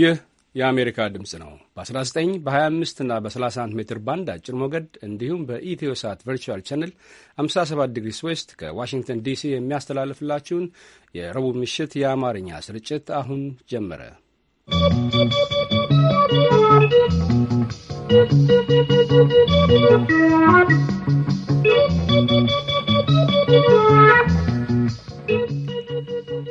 ይህ የአሜሪካ ድምፅ ነው። በ19 በ25 እና በ31 ሜትር ባንድ አጭር ሞገድ እንዲሁም በኢትዮ ሳት ቨርቹዋል ቻነል 57 ዲግሪ ስዌስት ከዋሽንግተን ዲሲ የሚያስተላልፍላችሁን የረቡዕ ምሽት የአማርኛ ስርጭት አሁን ጀመረ። ¶¶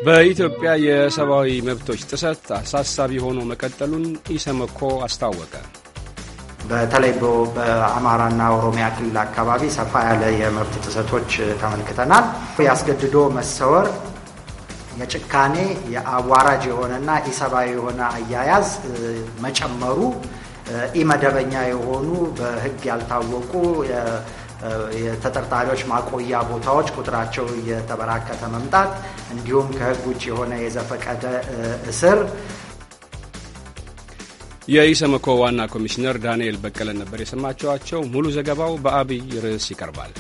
በኢትዮጵያ የሰብአዊ መብቶች ጥሰት አሳሳቢ ሆኖ መቀጠሉን ኢሰመኮ አስታወቀ። በተለይ በአማራና ኦሮሚያ ክልል አካባቢ ሰፋ ያለ የመብት ጥሰቶች ተመልክተናል። ያስገድዶ መሰወር፣ የጭካኔ የአዋራጅ የሆነና ኢሰብአዊ የሆነ አያያዝ መጨመሩ፣ ኢመደበኛ የሆኑ በሕግ ያልታወቁ የተጠርጣሪዎች ማቆያ ቦታዎች ቁጥራቸው እየተበራከተ መምጣት እንዲሁም ከህግ ውጭ የሆነ የዘፈቀደ እስር የኢሰመኮ ዋና ኮሚሽነር ዳንኤል በቀለ ነበር የሰማችኋቸው። ሙሉ ዘገባው በአብይ ርዕስ ይቀርባል።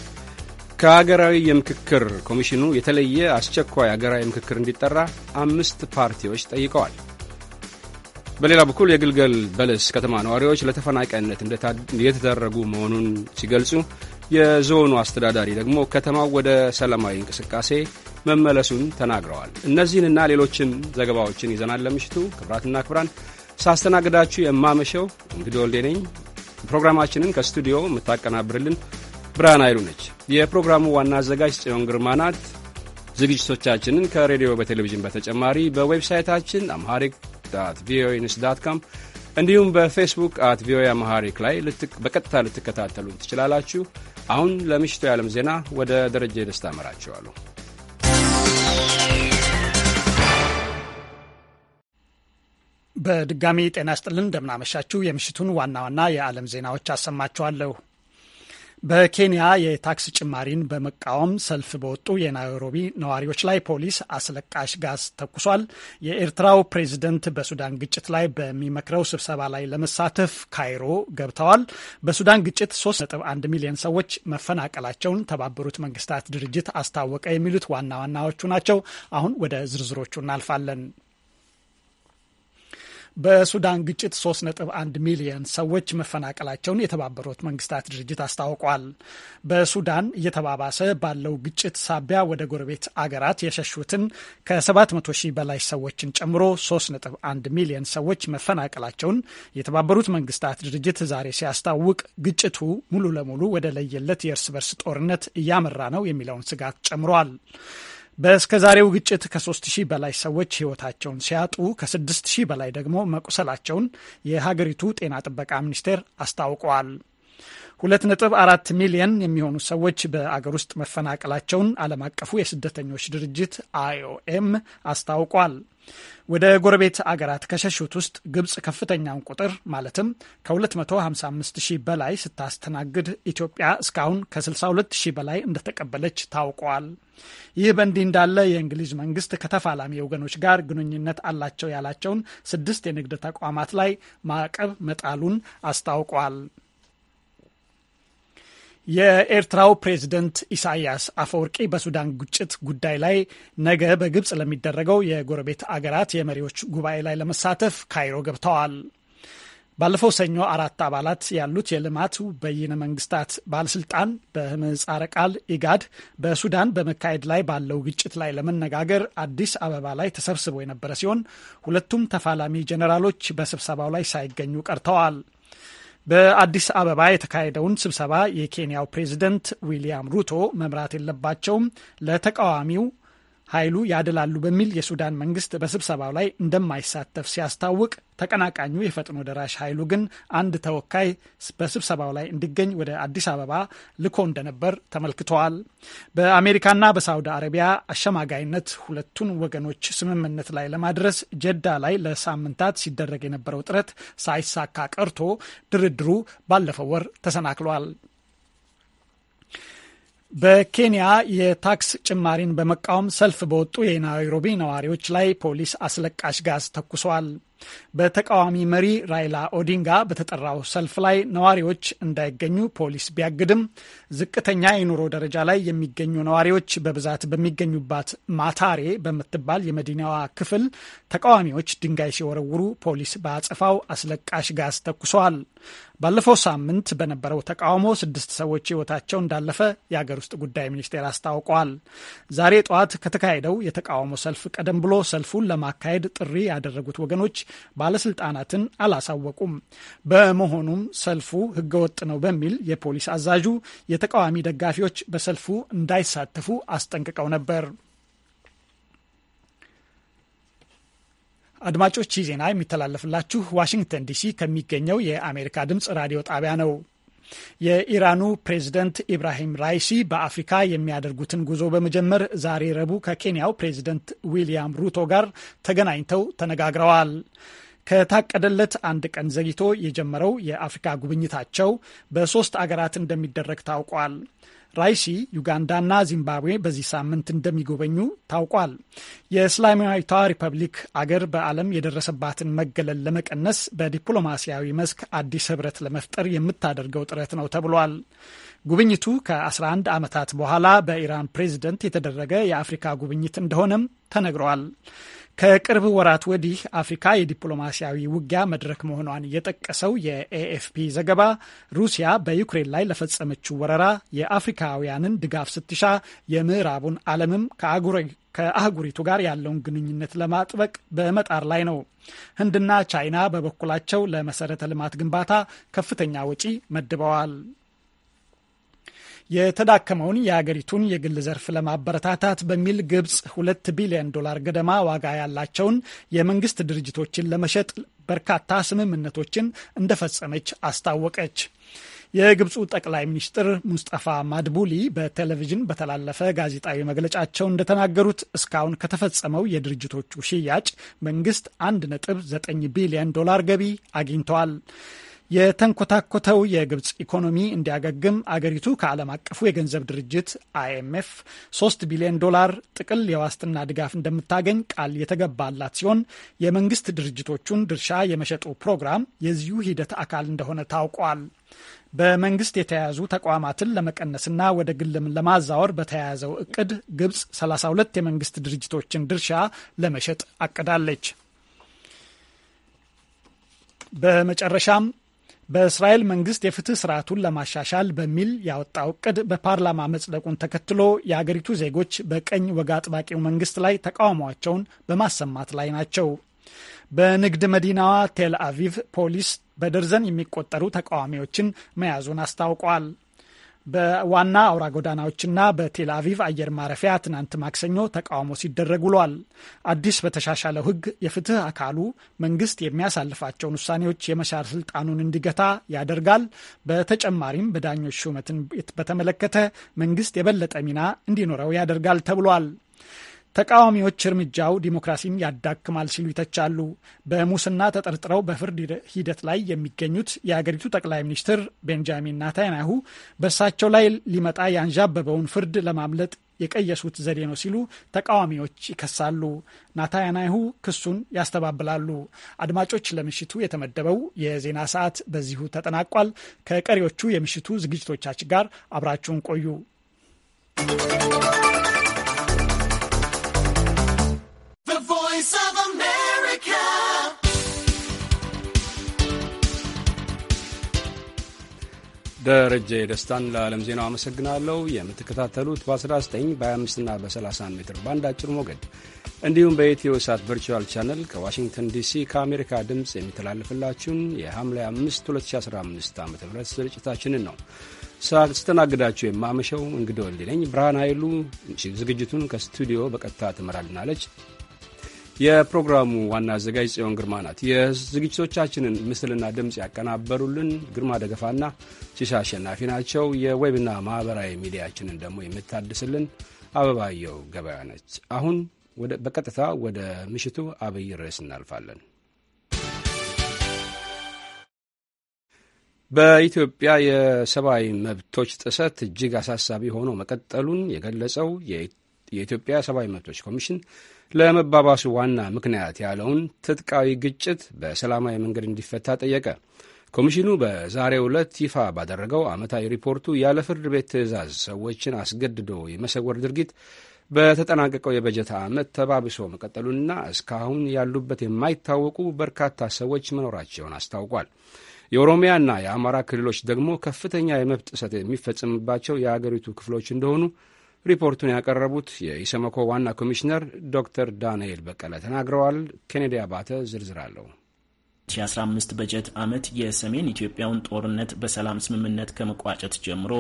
ከሀገራዊ የምክክር ኮሚሽኑ የተለየ አስቸኳይ ሀገራዊ ምክክር እንዲጠራ አምስት ፓርቲዎች ጠይቀዋል። በሌላ በኩል የግልገል በለስ ከተማ ነዋሪዎች ለተፈናቃይነት እየተደረጉ መሆኑን ሲገልጹ የዞኑ አስተዳዳሪ ደግሞ ከተማው ወደ ሰላማዊ እንቅስቃሴ መመለሱን ተናግረዋል። እነዚህንና ሌሎችን ዘገባዎችን ይዘናል። ለምሽቱ ክብራትና ክብራን ሳስተናግዳችሁ የማመሸው እንግዲህ ወልዴ ነኝ። ፕሮግራማችንን ከስቱዲዮ የምታቀናብርልን ብርሃን ኃይሉ ነች። የፕሮግራሙ ዋና አዘጋጅ ጽዮን ግርማ ናት። ዝግጅቶቻችንን ከሬዲዮ በቴሌቪዥን በተጨማሪ በዌብሳይታችን አምሃሪክ ዳት ቪኦኤ ኒውስ ዳት ካም እንዲሁም በፌስቡክ አት ቪኦኤ አማሃሪክ ላይ በቀጥታ ልትከታተሉን ትችላላችሁ። አሁን ለምሽቱ የዓለም ዜና ወደ ደረጀ ደስታ አመራችኋለሁ። በድጋሚ ጤና ስጥልን እንደምናመሻችሁ። የምሽቱን ዋና ዋና የዓለም ዜናዎች አሰማችኋለሁ። በኬንያ የታክስ ጭማሪን በመቃወም ሰልፍ በወጡ የናይሮቢ ነዋሪዎች ላይ ፖሊስ አስለቃሽ ጋዝ ተኩሷል። የኤርትራው ፕሬዝደንት በሱዳን ግጭት ላይ በሚመክረው ስብሰባ ላይ ለመሳተፍ ካይሮ ገብተዋል። በሱዳን ግጭት 3.1 ሚሊዮን ሰዎች መፈናቀላቸውን ተባበሩት መንግስታት ድርጅት አስታወቀ። የሚሉት ዋና ዋናዎቹ ናቸው። አሁን ወደ ዝርዝሮቹ እናልፋለን። በሱዳን ግጭት 3.1 ሚሊዮን ሰዎች መፈናቀላቸውን የተባበሩት መንግስታት ድርጅት አስታውቋል። በሱዳን እየተባባሰ ባለው ግጭት ሳቢያ ወደ ጎረቤት አገራት የሸሹትን ከ700 ሺህ በላይ ሰዎችን ጨምሮ 3.1 ሚሊዮን ሰዎች መፈናቀላቸውን የተባበሩት መንግስታት ድርጅት ዛሬ ሲያስታውቅ ግጭቱ ሙሉ ለሙሉ ወደ ለየለት የእርስ በርስ ጦርነት እያመራ ነው የሚለውን ስጋት ጨምሯል። ዛሬው ግጭት ከ 3000 ሺህ በላይ ሰዎች ህይወታቸውን ሲያጡ ከ6 ሺህ በላይ ደግሞ መቁሰላቸውን የሀገሪቱ ጤና ጥበቃ ሚኒስቴር አስታውቀዋል። 2.4 ሚሊየን የሚሆኑ ሰዎች በአገር ውስጥ መፈናቀላቸውን ዓለም አቀፉ የስደተኞች ድርጅት አይኦኤም አስታውቋል። ወደ ጎረቤት አገራት ከሸሹት ውስጥ ግብጽ ከፍተኛውን ቁጥር ማለትም ከ255 ሺህ በላይ ስታስተናግድ ኢትዮጵያ እስካሁን ከ62 ሺህ በላይ እንደተቀበለች ታውቋል። ይህ በእንዲህ እንዳለ የእንግሊዝ መንግስት ከተፋላሚ ወገኖች ጋር ግንኙነት አላቸው ያላቸውን ስድስት የንግድ ተቋማት ላይ ማዕቀብ መጣሉን አስታውቋል። የኤርትራው ፕሬዝደንት ኢሳያስ አፈወርቂ በሱዳን ግጭት ጉዳይ ላይ ነገ በግብፅ ለሚደረገው የጎረቤት አገራት የመሪዎች ጉባኤ ላይ ለመሳተፍ ካይሮ ገብተዋል። ባለፈው ሰኞ አራት አባላት ያሉት የልማቱ በይነ መንግስታት ባለስልጣን በምህጻረ ቃል ኢጋድ በሱዳን በመካሄድ ላይ ባለው ግጭት ላይ ለመነጋገር አዲስ አበባ ላይ ተሰብስቦ የነበረ ሲሆን ሁለቱም ተፋላሚ ጀኔራሎች በስብሰባው ላይ ሳይገኙ ቀርተዋል። በአዲስ አበባ የተካሄደውን ስብሰባ የኬንያው ፕሬዚደንት ዊሊያም ሩቶ መምራት የለባቸውም ለተቃዋሚው ኃይሉ ያደላሉ በሚል የሱዳን መንግስት በስብሰባው ላይ እንደማይሳተፍ ሲያስታውቅ፣ ተቀናቃኙ የፈጥኖ ደራሽ ኃይሉ ግን አንድ ተወካይ በስብሰባው ላይ እንዲገኝ ወደ አዲስ አበባ ልኮ እንደነበር ተመልክተዋል። በአሜሪካና በሳውዲ አረቢያ አሸማጋይነት ሁለቱን ወገኖች ስምምነት ላይ ለማድረስ ጀዳ ላይ ለሳምንታት ሲደረግ የነበረው ጥረት ሳይሳካ ቀርቶ ድርድሩ ባለፈው ወር ተሰናክሏል። በኬንያ የታክስ ጭማሪን በመቃወም ሰልፍ በወጡ የናይሮቢ ነዋሪዎች ላይ ፖሊስ አስለቃሽ ጋዝ ተኩሷል። በተቃዋሚ መሪ ራይላ ኦዲንጋ በተጠራው ሰልፍ ላይ ነዋሪዎች እንዳይገኙ ፖሊስ ቢያግድም ዝቅተኛ የኑሮ ደረጃ ላይ የሚገኙ ነዋሪዎች በብዛት በሚገኙባት ማታሬ በምትባል የመዲናዋ ክፍል ተቃዋሚዎች ድንጋይ ሲወረውሩ ፖሊስ በአጸፋው አስለቃሽ ጋዝ ተኩሷል። ባለፈው ሳምንት በነበረው ተቃውሞ ስድስት ሰዎች ህይወታቸው እንዳለፈ የአገር ውስጥ ጉዳይ ሚኒስቴር አስታውቋል። ዛሬ ጠዋት ከተካሄደው የተቃውሞ ሰልፍ ቀደም ብሎ ሰልፉን ለማካሄድ ጥሪ ያደረጉት ወገኖች ባለስልጣናትን አላሳወቁም። በመሆኑም ሰልፉ ህገወጥ ነው በሚል የፖሊስ አዛዡ የተቃዋሚ ደጋፊዎች በሰልፉ እንዳይሳተፉ አስጠንቅቀው ነበር። አድማጮች ይህ ዜና የሚተላለፍላችሁ ዋሽንግተን ዲሲ ከሚገኘው የአሜሪካ ድምፅ ራዲዮ ጣቢያ ነው። የኢራኑ ፕሬዝደንት ኢብራሂም ራይሲ በአፍሪካ የሚያደርጉትን ጉዞ በመጀመር ዛሬ ረቡዕ ከኬንያው ፕሬዝደንት ዊልያም ሩቶ ጋር ተገናኝተው ተነጋግረዋል። ከታቀደለት አንድ ቀን ዘግይቶ የጀመረው የአፍሪካ ጉብኝታቸው በሶስት አገራት እንደሚደረግ ታውቋል። ራይሲ ዩጋንዳና ዚምባብዌ በዚህ ሳምንት እንደሚጎበኙ ታውቋል። የእስላማዊቷ ሪፐብሊክ አገር በዓለም የደረሰባትን መገለል ለመቀነስ በዲፕሎማሲያዊ መስክ አዲስ ህብረት ለመፍጠር የምታደርገው ጥረት ነው ተብሏል። ጉብኝቱ ከ11 ዓመታት በኋላ በኢራን ፕሬዝደንት የተደረገ የአፍሪካ ጉብኝት እንደሆነም ተነግሯል። ከቅርብ ወራት ወዲህ አፍሪካ የዲፕሎማሲያዊ ውጊያ መድረክ መሆኗን የጠቀሰው የኤኤፍፒ ዘገባ ሩሲያ በዩክሬን ላይ ለፈጸመችው ወረራ የአፍሪካውያንን ድጋፍ ስትሻ የምዕራቡን ዓለምም ከአህጉሪቱ ጋር ያለውን ግንኙነት ለማጥበቅ በመጣር ላይ ነው። ህንድና ቻይና በበኩላቸው ለመሰረተ ልማት ግንባታ ከፍተኛ ወጪ መድበዋል። የተዳከመውን የአገሪቱን የግል ዘርፍ ለማበረታታት በሚል ግብጽ ሁለት ቢሊዮን ዶላር ገደማ ዋጋ ያላቸውን የመንግስት ድርጅቶችን ለመሸጥ በርካታ ስምምነቶችን እንደፈጸመች አስታወቀች። የግብፁ ጠቅላይ ሚኒስትር ሙስጠፋ ማድቡሊ በቴሌቪዥን በተላለፈ ጋዜጣዊ መግለጫቸው እንደተናገሩት እስካሁን ከተፈጸመው የድርጅቶቹ ሽያጭ መንግስት 1.9 ቢሊዮን ዶላር ገቢ አግኝተዋል። የተንኮታኮተው የግብፅ ኢኮኖሚ እንዲያገግም አገሪቱ ከዓለም አቀፉ የገንዘብ ድርጅት አይኤምኤፍ 3 ቢሊዮን ዶላር ጥቅል የዋስትና ድጋፍ እንደምታገኝ ቃል የተገባላት ሲሆን የመንግስት ድርጅቶቹን ድርሻ የመሸጡ ፕሮግራም የዚሁ ሂደት አካል እንደሆነ ታውቋል። በመንግስት የተያዙ ተቋማትን ለመቀነስና ወደ ግልም ለማዛወር በተያያዘው እቅድ ግብፅ 32 የመንግስት ድርጅቶችን ድርሻ ለመሸጥ አቅዳለች። በመጨረሻም በእስራኤል መንግስት የፍትህ ስርዓቱን ለማሻሻል በሚል ያወጣው እቅድ በፓርላማ መጽደቁን ተከትሎ የአገሪቱ ዜጎች በቀኝ ወግ አጥባቂው መንግስት ላይ ተቃውሟቸውን በማሰማት ላይ ናቸው። በንግድ መዲናዋ ቴል አቪቭ ፖሊስ በደርዘን የሚቆጠሩ ተቃዋሚዎችን መያዙን አስታውቋል። በዋና አውራ ጎዳናዎችና በቴል አቪቭ አየር ማረፊያ ትናንት ማክሰኞ ተቃውሞ ሲደረግ ውሏል። አዲስ በተሻሻለው ሕግ የፍትህ አካሉ መንግስት የሚያሳልፋቸውን ውሳኔዎች የመሻር ስልጣኑን እንዲገታ ያደርጋል። በተጨማሪም በዳኞች ሹመትን በተመለከተ መንግስት የበለጠ ሚና እንዲኖረው ያደርጋል ተብሏል። ተቃዋሚዎች እርምጃው ዲሞክራሲን ያዳክማል ሲሉ ይተቻሉ። በሙስና ተጠርጥረው በፍርድ ሂደት ላይ የሚገኙት የአገሪቱ ጠቅላይ ሚኒስትር ቤንጃሚን ናታንያሁ በእሳቸው ላይ ሊመጣ ያንዣበበውን ፍርድ ለማምለጥ የቀየሱት ዘዴ ነው ሲሉ ተቃዋሚዎች ይከሳሉ። ናታንያሁ ክሱን ያስተባብላሉ። አድማጮች፣ ለምሽቱ የተመደበው የዜና ሰዓት በዚሁ ተጠናቋል። ከቀሪዎቹ የምሽቱ ዝግጅቶቻችን ጋር አብራችሁን ቆዩ። Voice of America. ደረጀ ደስታን ለዓለም ዜናው አመሰግናለሁ። የምትከታተሉት በ19 በ25 እና በ31 ሜትር ባንድ አጭር ሞገድ እንዲሁም በኢትዮ ሳት ቨርቹዋል ቻነል ከዋሽንግተን ዲሲ ከአሜሪካ ድምፅ የሚተላለፍላችሁን የሐምሌ 5 2015 ዓ ም ስርጭታችንን ነው። ስተናግዳችሁ የማመሸው እንግዲህ ወልድ ነኝ። ብርሃን ኃይሉ ዝግጅቱን ከስቱዲዮ በቀጥታ ትመራልናለች። የፕሮግራሙ ዋና አዘጋጅ ጽዮን ግርማ ናት። የዝግጅቶቻችንን ምስልና ድምፅ ያቀናበሩልን ግርማ ደገፋና ቺሳ አሸናፊ ናቸው። የዌብና ማኅበራዊ ሚዲያችንን ደግሞ የምታድስልን አበባየው ገበያ ነች። አሁን በቀጥታ ወደ ምሽቱ አብይ ርዕስ እናልፋለን። በኢትዮጵያ የሰብአዊ መብቶች ጥሰት እጅግ አሳሳቢ ሆኖ መቀጠሉን የገለጸው የኢትዮጵያ ሰብአዊ መብቶች ኮሚሽን ለመባባሱ ዋና ምክንያት ያለውን ትጥቃዊ ግጭት በሰላማዊ መንገድ እንዲፈታ ጠየቀ። ኮሚሽኑ በዛሬው ዕለት ይፋ ባደረገው ዓመታዊ ሪፖርቱ ያለ ፍርድ ቤት ትዕዛዝ ሰዎችን አስገድዶ የመሰወር ድርጊት በተጠናቀቀው የበጀት ዓመት ተባብሶ መቀጠሉንና እስካሁን ያሉበት የማይታወቁ በርካታ ሰዎች መኖራቸውን አስታውቋል። የኦሮሚያና የአማራ ክልሎች ደግሞ ከፍተኛ የመብት ጥሰት የሚፈጽምባቸው የአገሪቱ ክፍሎች እንደሆኑ ሪፖርቱን ያቀረቡት የኢሰመኮ ዋና ኮሚሽነር ዶክተር ዳንኤል በቀለ ተናግረዋል። ኬኔዲ አባተ ዝርዝር አለው። 2015 በጀት ዓመት የሰሜን ኢትዮጵያውን ጦርነት በሰላም ስምምነት ከመቋጨት ጀምሮ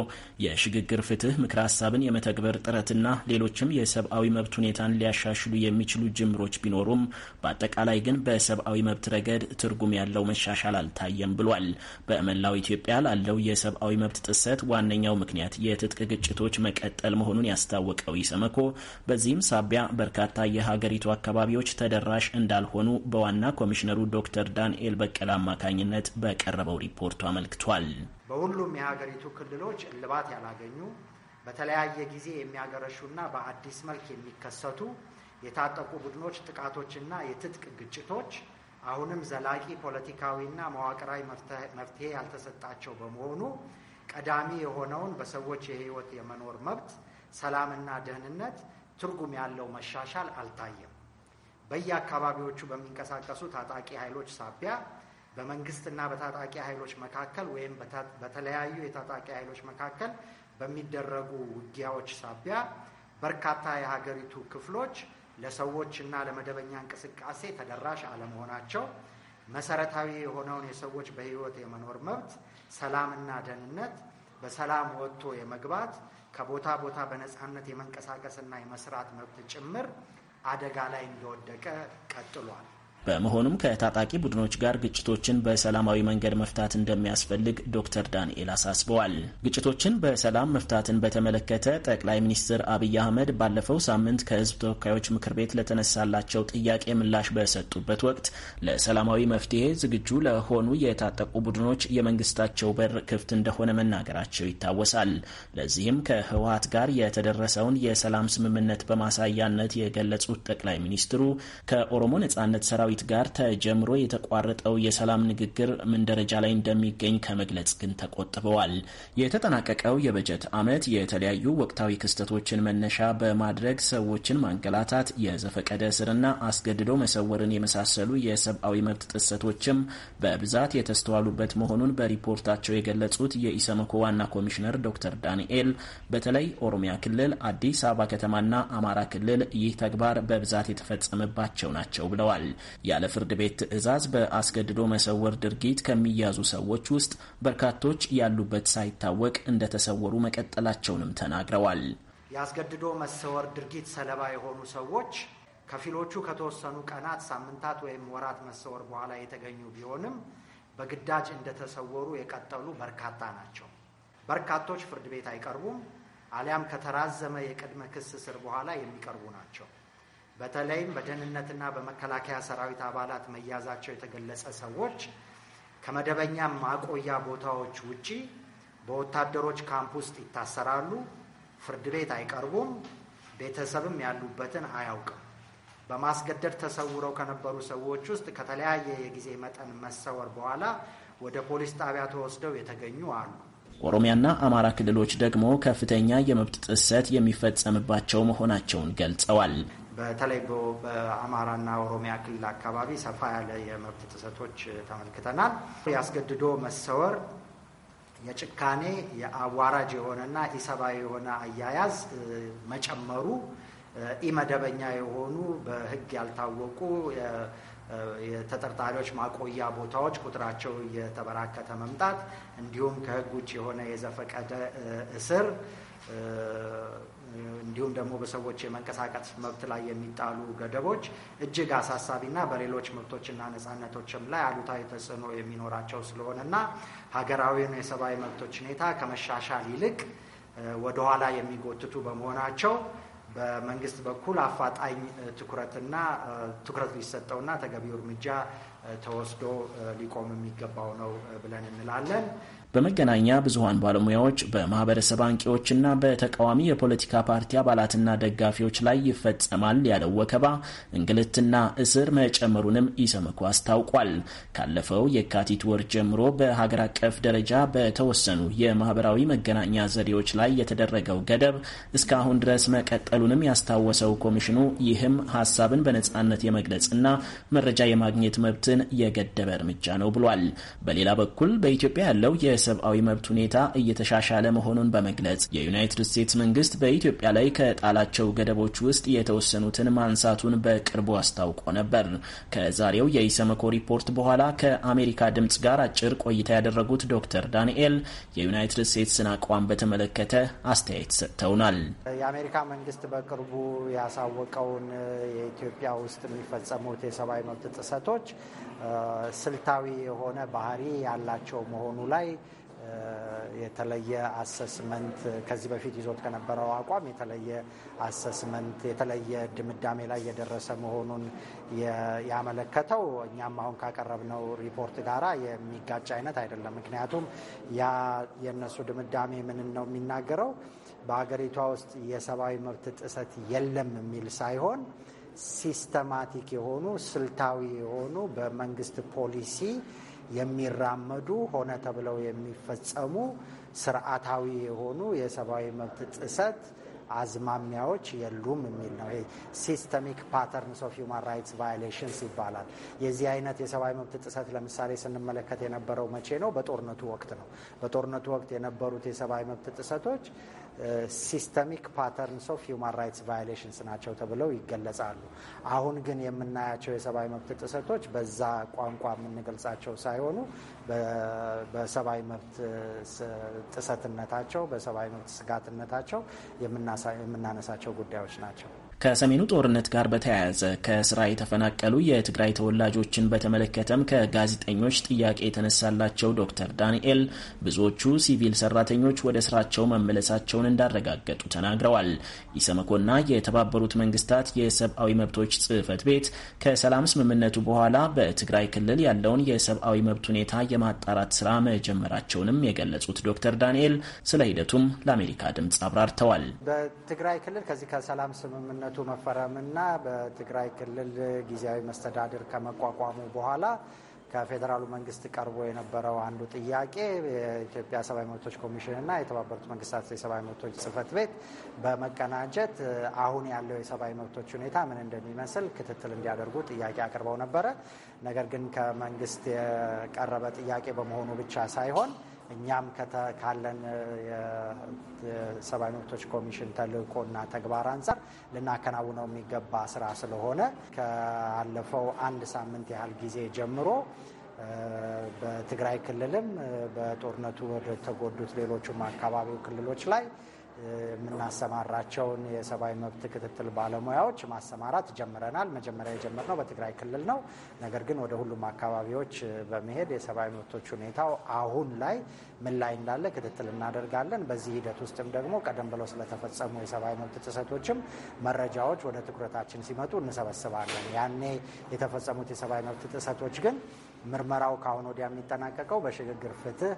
የሽግግር ፍትህ ምክረ ሀሳብን የመተግበር ጥረትና ሌሎችም የሰብአዊ መብት ሁኔታን ሊያሻሽሉ የሚችሉ ጅምሮች ቢኖሩም በአጠቃላይ ግን በሰብአዊ መብት ረገድ ትርጉም ያለው መሻሻል አልታየም ብሏል። በመላው ኢትዮጵያ ላለው የሰብአዊ መብት ጥሰት ዋነኛው ምክንያት የትጥቅ ግጭቶች መቀጠል መሆኑን ያስታወቀው ኢሰመኮ በዚህም ሳቢያ በርካታ የሀገሪቱ አካባቢዎች ተደራሽ እንዳልሆኑ በዋና ኮሚሽነሩ ዶክተር ዳን ዳንኤል በቀለ አማካኝነት በቀረበው ሪፖርቱ አመልክቷል። በሁሉም የሀገሪቱ ክልሎች እልባት ያላገኙ በተለያየ ጊዜ የሚያገረሹና በአዲስ መልክ የሚከሰቱ የታጠቁ ቡድኖች ጥቃቶችና የትጥቅ ግጭቶች አሁንም ዘላቂ ፖለቲካዊና መዋቅራዊ መፍትሄ ያልተሰጣቸው በመሆኑ ቀዳሚ የሆነውን በሰዎች የሕይወት የመኖር መብት፣ ሰላምና ደህንነት ትርጉም ያለው መሻሻል አልታየም። በየአካባቢዎቹ በሚንቀሳቀሱ ታጣቂ ኃይሎች ሳቢያ በመንግስትና በታጣቂ ኃይሎች መካከል ወይም በተለያዩ የታጣቂ ኃይሎች መካከል በሚደረጉ ውጊያዎች ሳቢያ በርካታ የሀገሪቱ ክፍሎች ለሰዎች እና ለመደበኛ እንቅስቃሴ ተደራሽ አለመሆናቸው መሰረታዊ የሆነውን የሰዎች በህይወት የመኖር መብት፣ ሰላምና ደህንነት፣ በሰላም ወጥቶ የመግባት ከቦታ ቦታ በነፃነት የመንቀሳቀስና የመስራት መብት ጭምር አደጋ ላይ እንደወደቀ ቀጥሏል። በመሆኑም ከታጣቂ ቡድኖች ጋር ግጭቶችን በሰላማዊ መንገድ መፍታት እንደሚያስፈልግ ዶክተር ዳንኤል አሳስበዋል። ግጭቶችን በሰላም መፍታትን በተመለከተ ጠቅላይ ሚኒስትር አብይ አህመድ ባለፈው ሳምንት ከህዝብ ተወካዮች ምክር ቤት ለተነሳላቸው ጥያቄ ምላሽ በሰጡበት ወቅት ለሰላማዊ መፍትሄ ዝግጁ ለሆኑ የታጠቁ ቡድኖች የመንግስታቸው በር ክፍት እንደሆነ መናገራቸው ይታወሳል። ለዚህም ከህወሀት ጋር የተደረሰውን የሰላም ስምምነት በማሳያነት የገለጹት ጠቅላይ ሚኒስትሩ ከኦሮሞ ነጻነት ሰራዊ ሰራዊት ጋር ተጀምሮ የተቋረጠው የሰላም ንግግር ምን ደረጃ ላይ እንደሚገኝ ከመግለጽ ግን ተቆጥበዋል። የተጠናቀቀው የበጀት ዓመት የተለያዩ ወቅታዊ ክስተቶችን መነሻ በማድረግ ሰዎችን ማንገላታት፣ የዘፈቀደ እስርና አስገድዶ መሰወርን የመሳሰሉ የሰብአዊ መብት ጥሰቶችም በብዛት የተስተዋሉበት መሆኑን በሪፖርታቸው የገለጹት የኢሰመኮ ዋና ኮሚሽነር ዶክተር ዳንኤል በተለይ ኦሮሚያ ክልል፣ አዲስ አበባ ከተማና አማራ ክልል ይህ ተግባር በብዛት የተፈጸመባቸው ናቸው ብለዋል። ያለ ፍርድ ቤት ትዕዛዝ በአስገድዶ መሰወር ድርጊት ከሚያዙ ሰዎች ውስጥ በርካቶች ያሉበት ሳይታወቅ እንደተሰወሩ መቀጠላቸውንም ተናግረዋል። የአስገድዶ መሰወር ድርጊት ሰለባ የሆኑ ሰዎች ከፊሎቹ ከተወሰኑ ቀናት፣ ሳምንታት ወይም ወራት መሰወር በኋላ የተገኙ ቢሆንም በግዳጅ እንደተሰወሩ የቀጠሉ በርካታ ናቸው። በርካቶች ፍርድ ቤት አይቀርቡም፣ አሊያም ከተራዘመ የቅድመ ክስ ስር በኋላ የሚቀርቡ ናቸው። በተለይም በደህንነትና በመከላከያ ሰራዊት አባላት መያዛቸው የተገለጸ ሰዎች ከመደበኛ ማቆያ ቦታዎች ውጪ በወታደሮች ካምፕ ውስጥ ይታሰራሉ፣ ፍርድ ቤት አይቀርቡም፣ ቤተሰብም ያሉበትን አያውቅም። በማስገደድ ተሰውረው ከነበሩ ሰዎች ውስጥ ከተለያየ የጊዜ መጠን መሰወር በኋላ ወደ ፖሊስ ጣቢያ ተወስደው የተገኙ አሉ። ኦሮሚያና አማራ ክልሎች ደግሞ ከፍተኛ የመብት ጥሰት የሚፈጸምባቸው መሆናቸውን ገልጸዋል። በተለይ በአማራና ኦሮሚያ ክልል አካባቢ ሰፋ ያለ የመብት ጥሰቶች ተመልክተናል። ያስገድዶ መሰወር፣ የጭካኔ የአዋራጅ የሆነና ኢሰብአዊ የሆነ አያያዝ መጨመሩ፣ ኢመደበኛ የሆኑ በሕግ ያልታወቁ የተጠርጣሪዎች ማቆያ ቦታዎች ቁጥራቸው እየተበራከተ መምጣት እንዲሁም ከሕግ ውጭ የሆነ የዘፈቀደ እስር እንዲሁም ደግሞ በሰዎች የመንቀሳቀስ መብት ላይ የሚጣሉ ገደቦች እጅግ አሳሳቢና በሌሎች መብቶችና ነጻነቶችም ላይ አሉታዊ ተጽዕኖ የሚኖራቸው ስለሆነና ሀገራዊውን የሰብአዊ መብቶች ሁኔታ ከመሻሻል ይልቅ ወደኋላ የሚጎትቱ በመሆናቸው በመንግስት በኩል አፋጣኝ ትኩረትና ትኩረት ሊሰጠውና ተገቢው እርምጃ ተወስዶ ሊቆም የሚገባው ነው ብለን እንላለን። በመገናኛ ብዙሀን ባለሙያዎች፣ በማህበረሰብ አንቂዎችና በተቃዋሚ የፖለቲካ ፓርቲ አባላትና ደጋፊዎች ላይ ይፈጸማል ያለው ወከባ፣ እንግልትና እስር መጨመሩንም ኢሰመኮ አስታውቋል። ካለፈው የካቲት ወር ጀምሮ በሀገር አቀፍ ደረጃ በተወሰኑ የማህበራዊ መገናኛ ዘዴዎች ላይ የተደረገው ገደብ እስካሁን ድረስ መቀጠሉንም ያስታወሰው ኮሚሽኑ ይህም ሀሳብን በነጻነት የመግለጽና መረጃ የማግኘት መብትን የገደበ እርምጃ ነው ብሏል። በሌላ በኩል በኢትዮጵያ ያለው የ የሰብአዊ መብት ሁኔታ እየተሻሻለ መሆኑን በመግለጽ የዩናይትድ ስቴትስ መንግስት በኢትዮጵያ ላይ ከጣላቸው ገደቦች ውስጥ የተወሰኑትን ማንሳቱን በቅርቡ አስታውቆ ነበር። ከዛሬው የኢሰመኮ ሪፖርት በኋላ ከአሜሪካ ድምጽ ጋር አጭር ቆይታ ያደረጉት ዶክተር ዳንኤል የዩናይትድ ስቴትስን አቋም በተመለከተ አስተያየት ሰጥተውናል። የአሜሪካ መንግስት በቅርቡ ያሳወቀውን የኢትዮጵያ ውስጥ የሚፈጸሙት የሰብአዊ መብት ጥሰቶች ስልታዊ የሆነ ባህሪ ያላቸው መሆኑ ላይ የተለየ አሰስመንት ከዚህ በፊት ይዞት ከነበረው አቋም የተለየ አሰስመንት የተለየ ድምዳሜ ላይ የደረሰ መሆኑን ያመለከተው እኛም አሁን ካቀረብነው ሪፖርት ጋራ የሚጋጭ አይነት አይደለም። ምክንያቱም ያ የእነሱ ድምዳሜ ምንን ነው የሚናገረው? በሀገሪቷ ውስጥ የሰብአዊ መብት ጥሰት የለም የሚል ሳይሆን ሲስተማቲክ የሆኑ ስልታዊ የሆኑ በመንግስት ፖሊሲ የሚራመዱ ሆነ ተብለው የሚፈጸሙ ስርዓታዊ የሆኑ የሰብአዊ መብት ጥሰት አዝማሚያዎች የሉም የሚል ነው። ሲስተሚክ ፓተርንስ ኦፍ ሁማን ራይትስ ቫዮሌሽንስ ይባላል። የዚህ አይነት የሰብአዊ መብት ጥሰት ለምሳሌ ስንመለከት የነበረው መቼ ነው? በጦርነቱ ወቅት ነው። በጦርነቱ ወቅት የነበሩት የሰብአዊ መብት ጥሰቶች ሲስተሚክ ፓተርንስ ኦፍ ሂውማን ራይትስ ቫዮሌሽንስ ናቸው ተብለው ይገለጻሉ። አሁን ግን የምናያቸው የሰብአዊ መብት ጥሰቶች በዛ ቋንቋ የምንገልጻቸው ሳይሆኑ በሰብአዊ መብት ጥሰትነታቸው በሰብአዊ መብት ስጋትነታቸው የምናነሳቸው ጉዳዮች ናቸው። ከሰሜኑ ጦርነት ጋር በተያያዘ ከስራ የተፈናቀሉ የትግራይ ተወላጆችን በተመለከተም ከጋዜጠኞች ጥያቄ የተነሳላቸው ዶክተር ዳንኤል ብዙዎቹ ሲቪል ሰራተኞች ወደ ስራቸው መመለሳቸውን እንዳረጋገጡ ተናግረዋል። ኢሰመኮና የተባበሩት መንግስታት የሰብአዊ መብቶች ጽህፈት ቤት ከሰላም ስምምነቱ በኋላ በትግራይ ክልል ያለውን የሰብአዊ መብት ሁኔታ የማጣራት ስራ መጀመራቸውንም የገለጹት ዶክተር ዳንኤል ስለ ሂደቱም ለአሜሪካ ድምፅ አብራርተዋል። በትግራይ ክልል ከዚህ ከሰላም ስምምነቱ መፈረምና በትግራይ ክልል ጊዜያዊ መስተዳድር ከመቋቋሙ በኋላ ከፌዴራሉ መንግስት ቀርቦ የነበረው አንዱ ጥያቄ የኢትዮጵያ ሰብአዊ መብቶች ኮሚሽንና የተባበሩት መንግስታት የሰብአዊ መብቶች ጽህፈት ቤት በመቀናጀት አሁን ያለው የሰብአዊ መብቶች ሁኔታ ምን እንደሚመስል ክትትል እንዲያደርጉ ጥያቄ አቅርበው ነበረ። ነገር ግን ከመንግስት የቀረበ ጥያቄ በመሆኑ ብቻ ሳይሆን እኛም ካለን የሰብአዊ መብቶች ኮሚሽን ተልእኮና ተግባር አንጻር ልናከናውነው የሚገባ ስራ ስለሆነ ካለፈው አንድ ሳምንት ያህል ጊዜ ጀምሮ በትግራይ ክልልም በጦርነቱ ወደ ተጎዱት ሌሎቹም አካባቢው ክልሎች ላይ የምናሰማራቸውን የሰብአዊ መብት ክትትል ባለሙያዎች ማሰማራት ጀምረናል። መጀመሪያ የጀመርነው በትግራይ ክልል ነው። ነገር ግን ወደ ሁሉም አካባቢዎች በመሄድ የሰብአዊ መብቶች ሁኔታው አሁን ላይ ምን ላይ እንዳለ ክትትል እናደርጋለን። በዚህ ሂደት ውስጥም ደግሞ ቀደም ብለው ስለተፈጸሙ የሰብአዊ መብት ጥሰቶችም መረጃዎች ወደ ትኩረታችን ሲመጡ እንሰበስባለን። ያኔ የተፈጸሙት የሰብአዊ መብት ጥሰቶች ግን ምርመራው ከአሁን ወዲያ የሚጠናቀቀው በሽግግር ፍትህ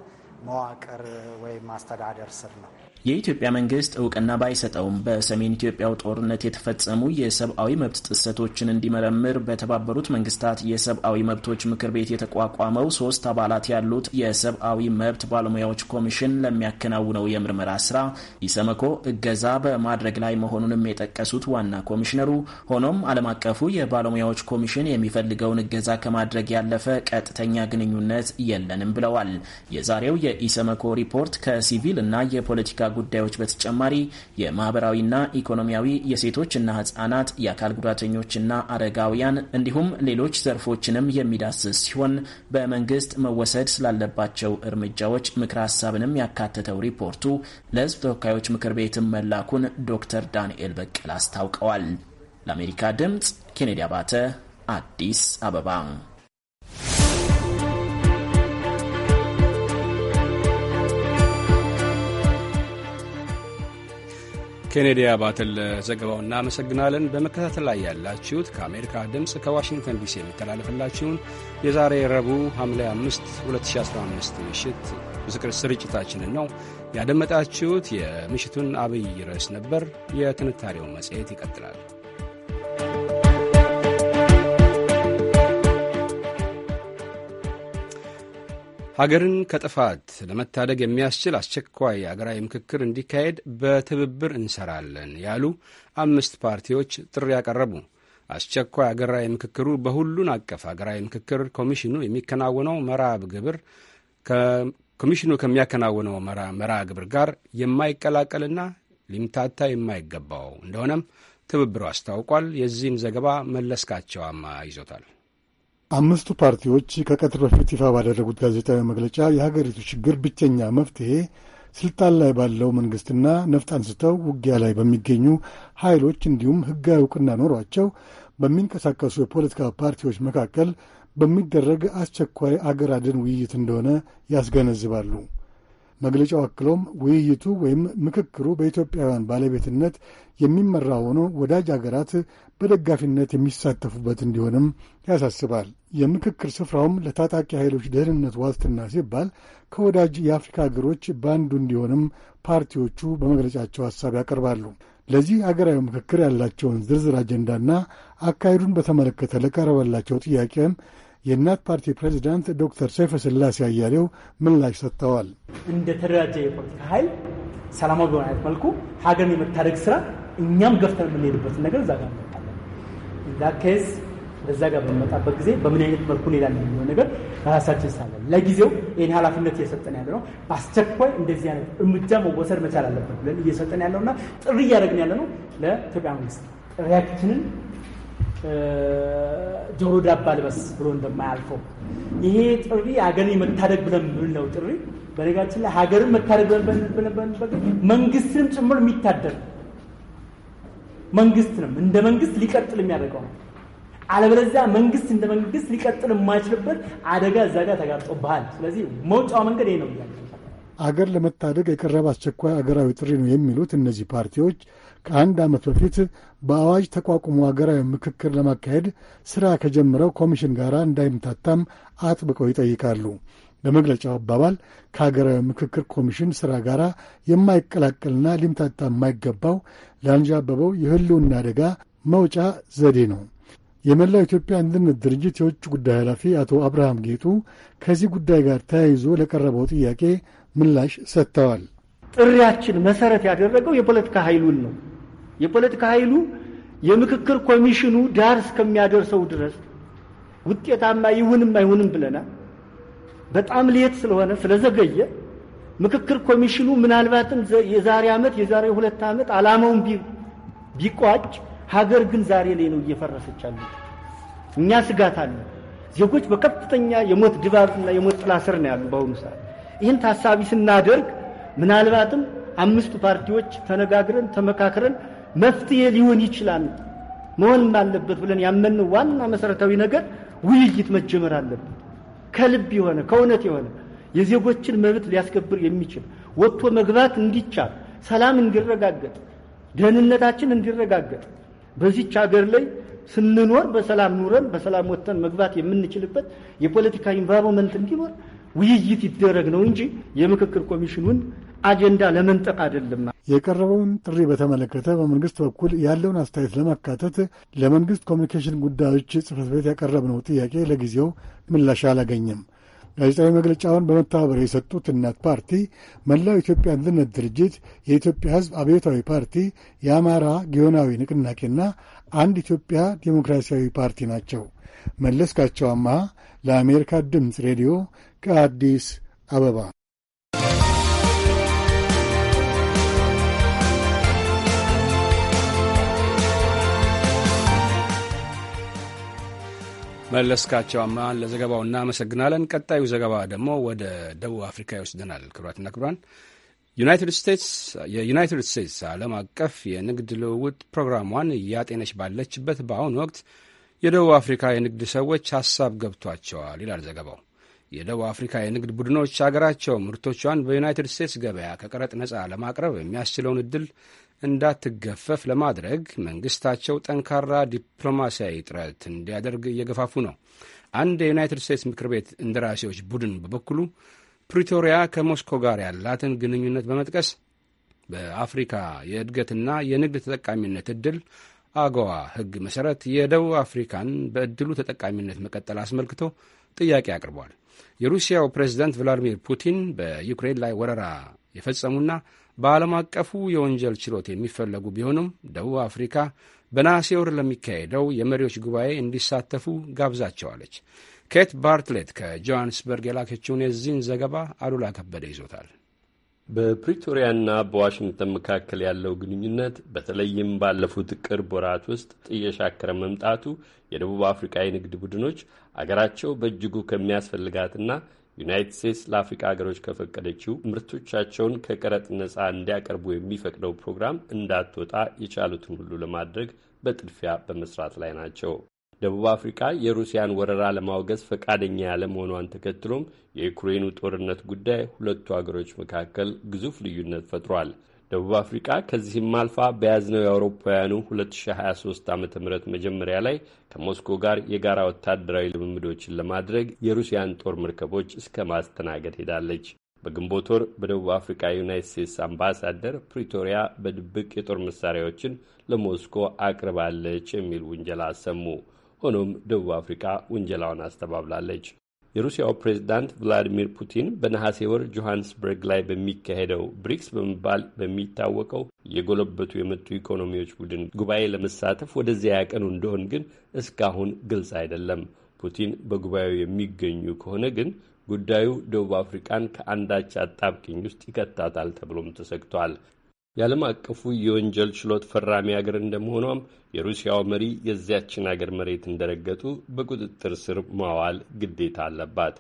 መዋቅር ወይም አስተዳደር ስር ነው። የኢትዮጵያ መንግስት እውቅና ባይሰጠውም በሰሜን ኢትዮጵያው ጦርነት የተፈጸሙ የሰብአዊ መብት ጥሰቶችን እንዲመረምር በተባበሩት መንግስታት የሰብአዊ መብቶች ምክር ቤት የተቋቋመው ሶስት አባላት ያሉት የሰብአዊ መብት ባለሙያዎች ኮሚሽን ለሚያከናውነው የምርመራ ስራ ኢሰመኮ እገዛ በማድረግ ላይ መሆኑንም የጠቀሱት ዋና ኮሚሽነሩ፣ ሆኖም ዓለም አቀፉ የባለሙያዎች ኮሚሽን የሚፈልገውን እገዛ ከማድረግ ያለፈ ቀጥተኛ ግንኙነት የለንም ብለዋል። የዛሬው የኢሰመኮ ሪፖርት ከሲቪል እና የፖለቲካ ጉዳዮች በተጨማሪ የማህበራዊና ኢኮኖሚያዊ፣ የሴቶችና ህጻናት፣ የአካል ጉዳተኞችና አረጋውያን እንዲሁም ሌሎች ዘርፎችንም የሚዳስስ ሲሆን በመንግስት መወሰድ ስላለባቸው እርምጃዎች ምክረ ሀሳብንም ያካተተው ሪፖርቱ ለህዝብ ተወካዮች ምክር ቤትም መላኩን ዶክተር ዳንኤል በቀል አስታውቀዋል። ለአሜሪካ ድምፅ ኬኔዲ አባተ አዲስ አበባ ኬኔዲ አባተን ለዘገባው እናመሰግናለን። በመከታተል ላይ ያላችሁት ከአሜሪካ ድምፅ ከዋሽንግተን ዲሲ የሚተላለፍላችሁን የዛሬ ረቡዕ ሐምሌ 5 2015 ምሽት ስርጭታችንን ነው ያደመጣችሁት። የምሽቱን አብይ ርዕስ ነበር። የትንታኔው መጽሔት ይቀጥላል። ሀገርን ከጥፋት ለመታደግ የሚያስችል አስቸኳይ አገራዊ ምክክር እንዲካሄድ በትብብር እንሰራለን ያሉ አምስት ፓርቲዎች ጥሪ ያቀረቡ። አስቸኳይ አገራዊ ምክክሩ በሁሉን አቀፍ አገራዊ ምክክር ኮሚሽኑ የሚከናወነው መራብ ግብር ኮሚሽኑ ከሚያከናውነው መራ ግብር ጋር የማይቀላቀልና ሊምታታ የማይገባው እንደሆነም ትብብሩ አስታውቋል። የዚህን ዘገባ መለስካቸው አማ ይዞታል። አምስቱ ፓርቲዎች ከቀትር በፊት ይፋ ባደረጉት ጋዜጣዊ መግለጫ የሀገሪቱ ችግር ብቸኛ መፍትሄ ስልጣን ላይ ባለው መንግስትና ነፍጥ አንስተው ውጊያ ላይ በሚገኙ ኃይሎች እንዲሁም ህጋዊ እውቅና ኖሯቸው በሚንቀሳቀሱ የፖለቲካ ፓርቲዎች መካከል በሚደረግ አስቸኳይ አገር አድን ውይይት እንደሆነ ያስገነዝባሉ። መግለጫው አክሎም ውይይቱ ወይም ምክክሩ በኢትዮጵያውያን ባለቤትነት የሚመራ ሆኖ ወዳጅ አገራት በደጋፊነት የሚሳተፉበት እንዲሆንም ያሳስባል። የምክክር ስፍራውም ለታጣቂ ኃይሎች ደህንነት ዋስትና ሲባል ከወዳጅ የአፍሪካ ሀገሮች በአንዱ እንዲሆንም ፓርቲዎቹ በመግለጫቸው ሐሳብ ያቀርባሉ። ለዚህ አገራዊ ምክክር ያላቸውን ዝርዝር አጀንዳና አካሄዱን በተመለከተ ለቀረበላቸው ጥያቄም የእናት ፓርቲ ፕሬዚዳንት ዶክተር ሰይፈ ስላሴ አያሌው ምላሽ ሰጥተዋል። እንደ ተደራጀ የፖለቲካ ኃይል ሰላማዊ በሆነ አይነት መልኩ ሀገርን የመታደግ ስራ እኛም ገፍተን የምንሄድበትን ነገር እዛ ጋር እንመጣለን። እዛ ጋር በመጣበት ጊዜ በምን አይነት መልኩ ሌላል የሚለው ነገር ራሳችን ሳለ ለጊዜው ይህን ኃላፊነት እየሰጠን ያለ ነው። በአስቸኳይ እንደዚህ አይነት እርምጃ መወሰድ መቻል አለበት ብለን እየሰጠን ያለው እና ጥሪ እያደረግን ያለ ነው ለኢትዮጵያ መንግስት ጥሪያችንን ጆሮ ዳባ ልበስ ብሎ እንደማያልፈው ይሄ ጥሪ ሀገርን መታደግ ብለን ብንለው ጥሪ በነጋችን ላይ ሀገርን መታደግ ብለንበት መንግስትንም ጭምር የሚታደግ መንግስትንም እንደ መንግስት ሊቀጥል የሚያደርገው ነው። አለበለዚያ መንግስት እንደ መንግስት ሊቀጥል የማይችልበት አደጋ እዛ ጋር ተጋርጦብሃል። ስለዚህ መውጫው መንገድ ይሄ ነው አገር ለመታደግ የቀረበ አስቸኳይ አገራዊ ጥሪ ነው የሚሉት እነዚህ ፓርቲዎች ከአንድ ዓመት በፊት በአዋጅ ተቋቁሞ አገራዊ ምክክር ለማካሄድ ሥራ ከጀመረው ኮሚሽን ጋር እንዳይምታታም አጥብቀው ይጠይቃሉ። በመግለጫው አባባል ከሀገራዊ ምክክር ኮሚሽን ሥራ ጋር የማይቀላቀልና ሊምታታ የማይገባው ለአንዣበበው የሕልውና አደጋ መውጫ ዘዴ ነው የመላው ኢትዮጵያ አንድነት ድርጅት የውጭ ጉዳይ ኃላፊ አቶ አብርሃም ጌጡ ከዚህ ጉዳይ ጋር ተያይዞ ለቀረበው ጥያቄ ምላሽ ሰጥተዋል። ጥሪያችን መሰረት ያደረገው የፖለቲካ ኃይሉን ነው። የፖለቲካ ኃይሉ የምክክር ኮሚሽኑ ዳር እስከሚያደርሰው ድረስ ውጤታማ ይሁንም አይሁንም ብለናል። በጣም ለየት ስለሆነ ስለዘገየ ምክክር ኮሚሽኑ ምናልባትም የዛሬ ዓመት የዛሬ ሁለት ዓመት ዓላማውን ቢቋጭ ሀገር ግን ዛሬ ላይ ነው እየፈረሰች አለ። እኛ ስጋት አለ። ዜጎች በከፍተኛ የሞት ድባብና የሞት ጥላ ስር ነው ያሉ በአሁኑ ሰዓት። ይህን ታሳቢ ስናደርግ ምናልባትም አምስቱ ፓርቲዎች ተነጋግረን ተመካክረን መፍትሄ ሊሆን ይችላል መሆንም አለበት ብለን ያመንነው ዋና መሰረታዊ ነገር ውይይት መጀመር አለበት። ከልብ የሆነ ከእውነት የሆነ የዜጎችን መብት ሊያስከብር የሚችል ወጥቶ መግባት እንዲቻል፣ ሰላም እንዲረጋገጥ፣ ደህንነታችን እንዲረጋገጥ በዚች ሀገር ላይ ስንኖር በሰላም ኑረን በሰላም ወጥተን መግባት የምንችልበት የፖለቲካ ኢንቫይሮንመንት እንዲኖር ውይይት ይደረግ ነው እንጂ የምክክር ኮሚሽኑን አጀንዳ ለመንጠቅ አይደለም። የቀረበውን ጥሪ በተመለከተ በመንግስት በኩል ያለውን አስተያየት ለማካተት ለመንግስት ኮሚኒኬሽን ጉዳዮች ጽህፈት ቤት ያቀረብነው ጥያቄ ለጊዜው ምላሽ አላገኘም። ጋዜጣዊ መግለጫውን በመተባበር የሰጡት እናት ፓርቲ፣ መላው ኢትዮጵያ አንድነት ድርጅት፣ የኢትዮጵያ ሕዝብ አብዮታዊ ፓርቲ፣ የአማራ ጊዮናዊ ንቅናቄና አንድ ኢትዮጵያ ዴሞክራሲያዊ ፓርቲ ናቸው። መለስካቸው አማሃ ለአሜሪካ ድምፅ ሬዲዮ ከአዲስ አበባ መለስካቸው አማን ለዘገባው እናመሰግናለን። ቀጣዩ ዘገባ ደግሞ ወደ ደቡብ አፍሪካ ይወስደናል። ክቡራትና ክቡራን የዩናይትድ ስቴትስ ዓለም አቀፍ የንግድ ልውውጥ ፕሮግራሟን እያጤነች ባለችበት በአሁኑ ወቅት የደቡብ አፍሪካ የንግድ ሰዎች ሀሳብ ገብቷቸዋል ይላል ዘገባው። የደቡብ አፍሪካ የንግድ ቡድኖች አገራቸው ምርቶቿን በዩናይትድ ስቴትስ ገበያ ከቀረጥ ነጻ ለማቅረብ የሚያስችለውን እድል እንዳትገፈፍ ለማድረግ መንግስታቸው ጠንካራ ዲፕሎማሲያዊ ጥረት እንዲያደርግ እየገፋፉ ነው። አንድ የዩናይትድ ስቴትስ ምክር ቤት እንደራሴዎች ቡድን በበኩሉ ፕሪቶሪያ ከሞስኮ ጋር ያላትን ግንኙነት በመጥቀስ በአፍሪካ የእድገትና የንግድ ተጠቃሚነት እድል አገዋ ሕግ መሠረት የደቡብ አፍሪካን በእድሉ ተጠቃሚነት መቀጠል አስመልክቶ ጥያቄ አቅርቧል። የሩሲያው ፕሬዝዳንት ቭላዲሚር ፑቲን በዩክሬን ላይ ወረራ የፈጸሙና በዓለም አቀፉ የወንጀል ችሎት የሚፈለጉ ቢሆንም ደቡብ አፍሪካ በነሐሴ ወር ለሚካሄደው የመሪዎች ጉባኤ እንዲሳተፉ ጋብዛቸዋለች። ኬት ባርትሌት ከጆሃንስበርግ የላከችውን የዚህን ዘገባ አሉላ ከበደ ይዞታል። በፕሪቶሪያና በዋሽንግተን መካከል ያለው ግንኙነት በተለይም ባለፉት ቅርብ ወራት ውስጥ እየሻከረ መምጣቱ የደቡብ አፍሪካ የንግድ ቡድኖች አገራቸው በእጅጉ ከሚያስፈልጋትና ዩናይትድ ስቴትስ ለአፍሪካ ሀገሮች ከፈቀደችው ምርቶቻቸውን ከቀረጥ ነፃ እንዲያቀርቡ የሚፈቅደው ፕሮግራም እንዳትወጣ የቻሉትን ሁሉ ለማድረግ በጥድፊያ በመስራት ላይ ናቸው። ደቡብ አፍሪካ የሩሲያን ወረራ ለማውገዝ ፈቃደኛ ያለመሆኗን ተከትሎም የዩክሬኑ ጦርነት ጉዳይ ሁለቱ ሀገሮች መካከል ግዙፍ ልዩነት ፈጥሯል። ደቡብ አፍሪቃ ከዚህም አልፋ በያዝነው የአውሮፓውያኑ 2023 ዓ ም መጀመሪያ ላይ ከሞስኮ ጋር የጋራ ወታደራዊ ልምምዶችን ለማድረግ የሩሲያን ጦር መርከቦች እስከ ማስተናገድ ሄዳለች። በግንቦት ወር በደቡብ አፍሪካ ዩናይት ስቴትስ አምባሳደር ፕሪቶሪያ በድብቅ የጦር መሳሪያዎችን ለሞስኮ አቅርባለች የሚል ውንጀላ አሰሙ። ሆኖም ደቡብ አፍሪካ ውንጀላውን አስተባብላለች። የሩሲያው ፕሬዚዳንት ቭላዲሚር ፑቲን በነሐሴ ወር ጆሃንስበርግ ላይ በሚካሄደው ብሪክስ በመባል በሚታወቀው የጎለበቱ የመጡ ኢኮኖሚዎች ቡድን ጉባኤ ለመሳተፍ ወደዚያ ያቀኑ እንደሆን ግን እስካሁን ግልጽ አይደለም። ፑቲን በጉባኤው የሚገኙ ከሆነ ግን ጉዳዩ ደቡብ አፍሪቃን ከአንዳች አጣብቅኝ ውስጥ ይከታታል ተብሎም ተሰግቷል። የዓለም አቀፉ የወንጀል ችሎት ፈራሚ ሀገር እንደመሆኗም የሩሲያው መሪ የዚያችን አገር መሬት እንደረገጡ በቁጥጥር ስር ማዋል ግዴታ አለባት።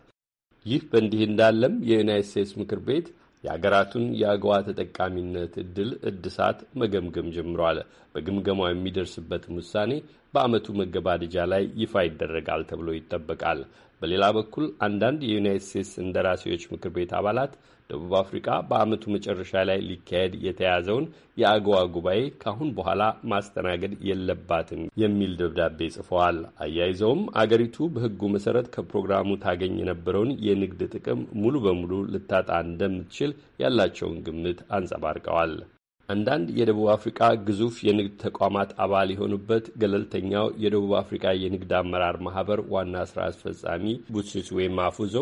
ይህ በእንዲህ እንዳለም የዩናይት ስቴትስ ምክር ቤት የአገራቱን የአገዋ ተጠቃሚነት እድል እድሳት መገምገም ጀምሯል። በግምገማው የሚደርስበትም ውሳኔ በዓመቱ መገባደጃ ላይ ይፋ ይደረጋል ተብሎ ይጠበቃል። በሌላ በኩል አንዳንድ የዩናይት ስቴትስ እንደራሴዎች ምክር ቤት አባላት ደቡብ አፍሪካ በዓመቱ መጨረሻ ላይ ሊካሄድ የተያዘውን የአገዋ ጉባኤ ካሁን በኋላ ማስተናገድ የለባትም የሚል ደብዳቤ ጽፈዋል። አያይዘውም አገሪቱ በሕጉ መሰረት ከፕሮግራሙ ታገኝ የነበረውን የንግድ ጥቅም ሙሉ በሙሉ ልታጣ እንደምትችል ያላቸውን ግምት አንጸባርቀዋል። አንዳንድ የደቡብ አፍሪካ ግዙፍ የንግድ ተቋማት አባል የሆኑበት ገለልተኛው የደቡብ አፍሪካ የንግድ አመራር ማህበር ዋና ስራ አስፈጻሚ ቡትስዌ ማፉዞ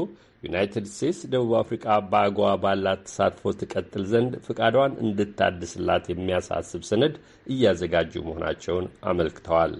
ዩናይትድ ስቴትስ ደቡብ አፍሪካ በአጎዋ ባላት ተሳትፎ ትቀጥል ዘንድ ፍቃዷን እንድታድስላት የሚያሳስብ ሰነድ እያዘጋጁ መሆናቸውን አመልክተዋል።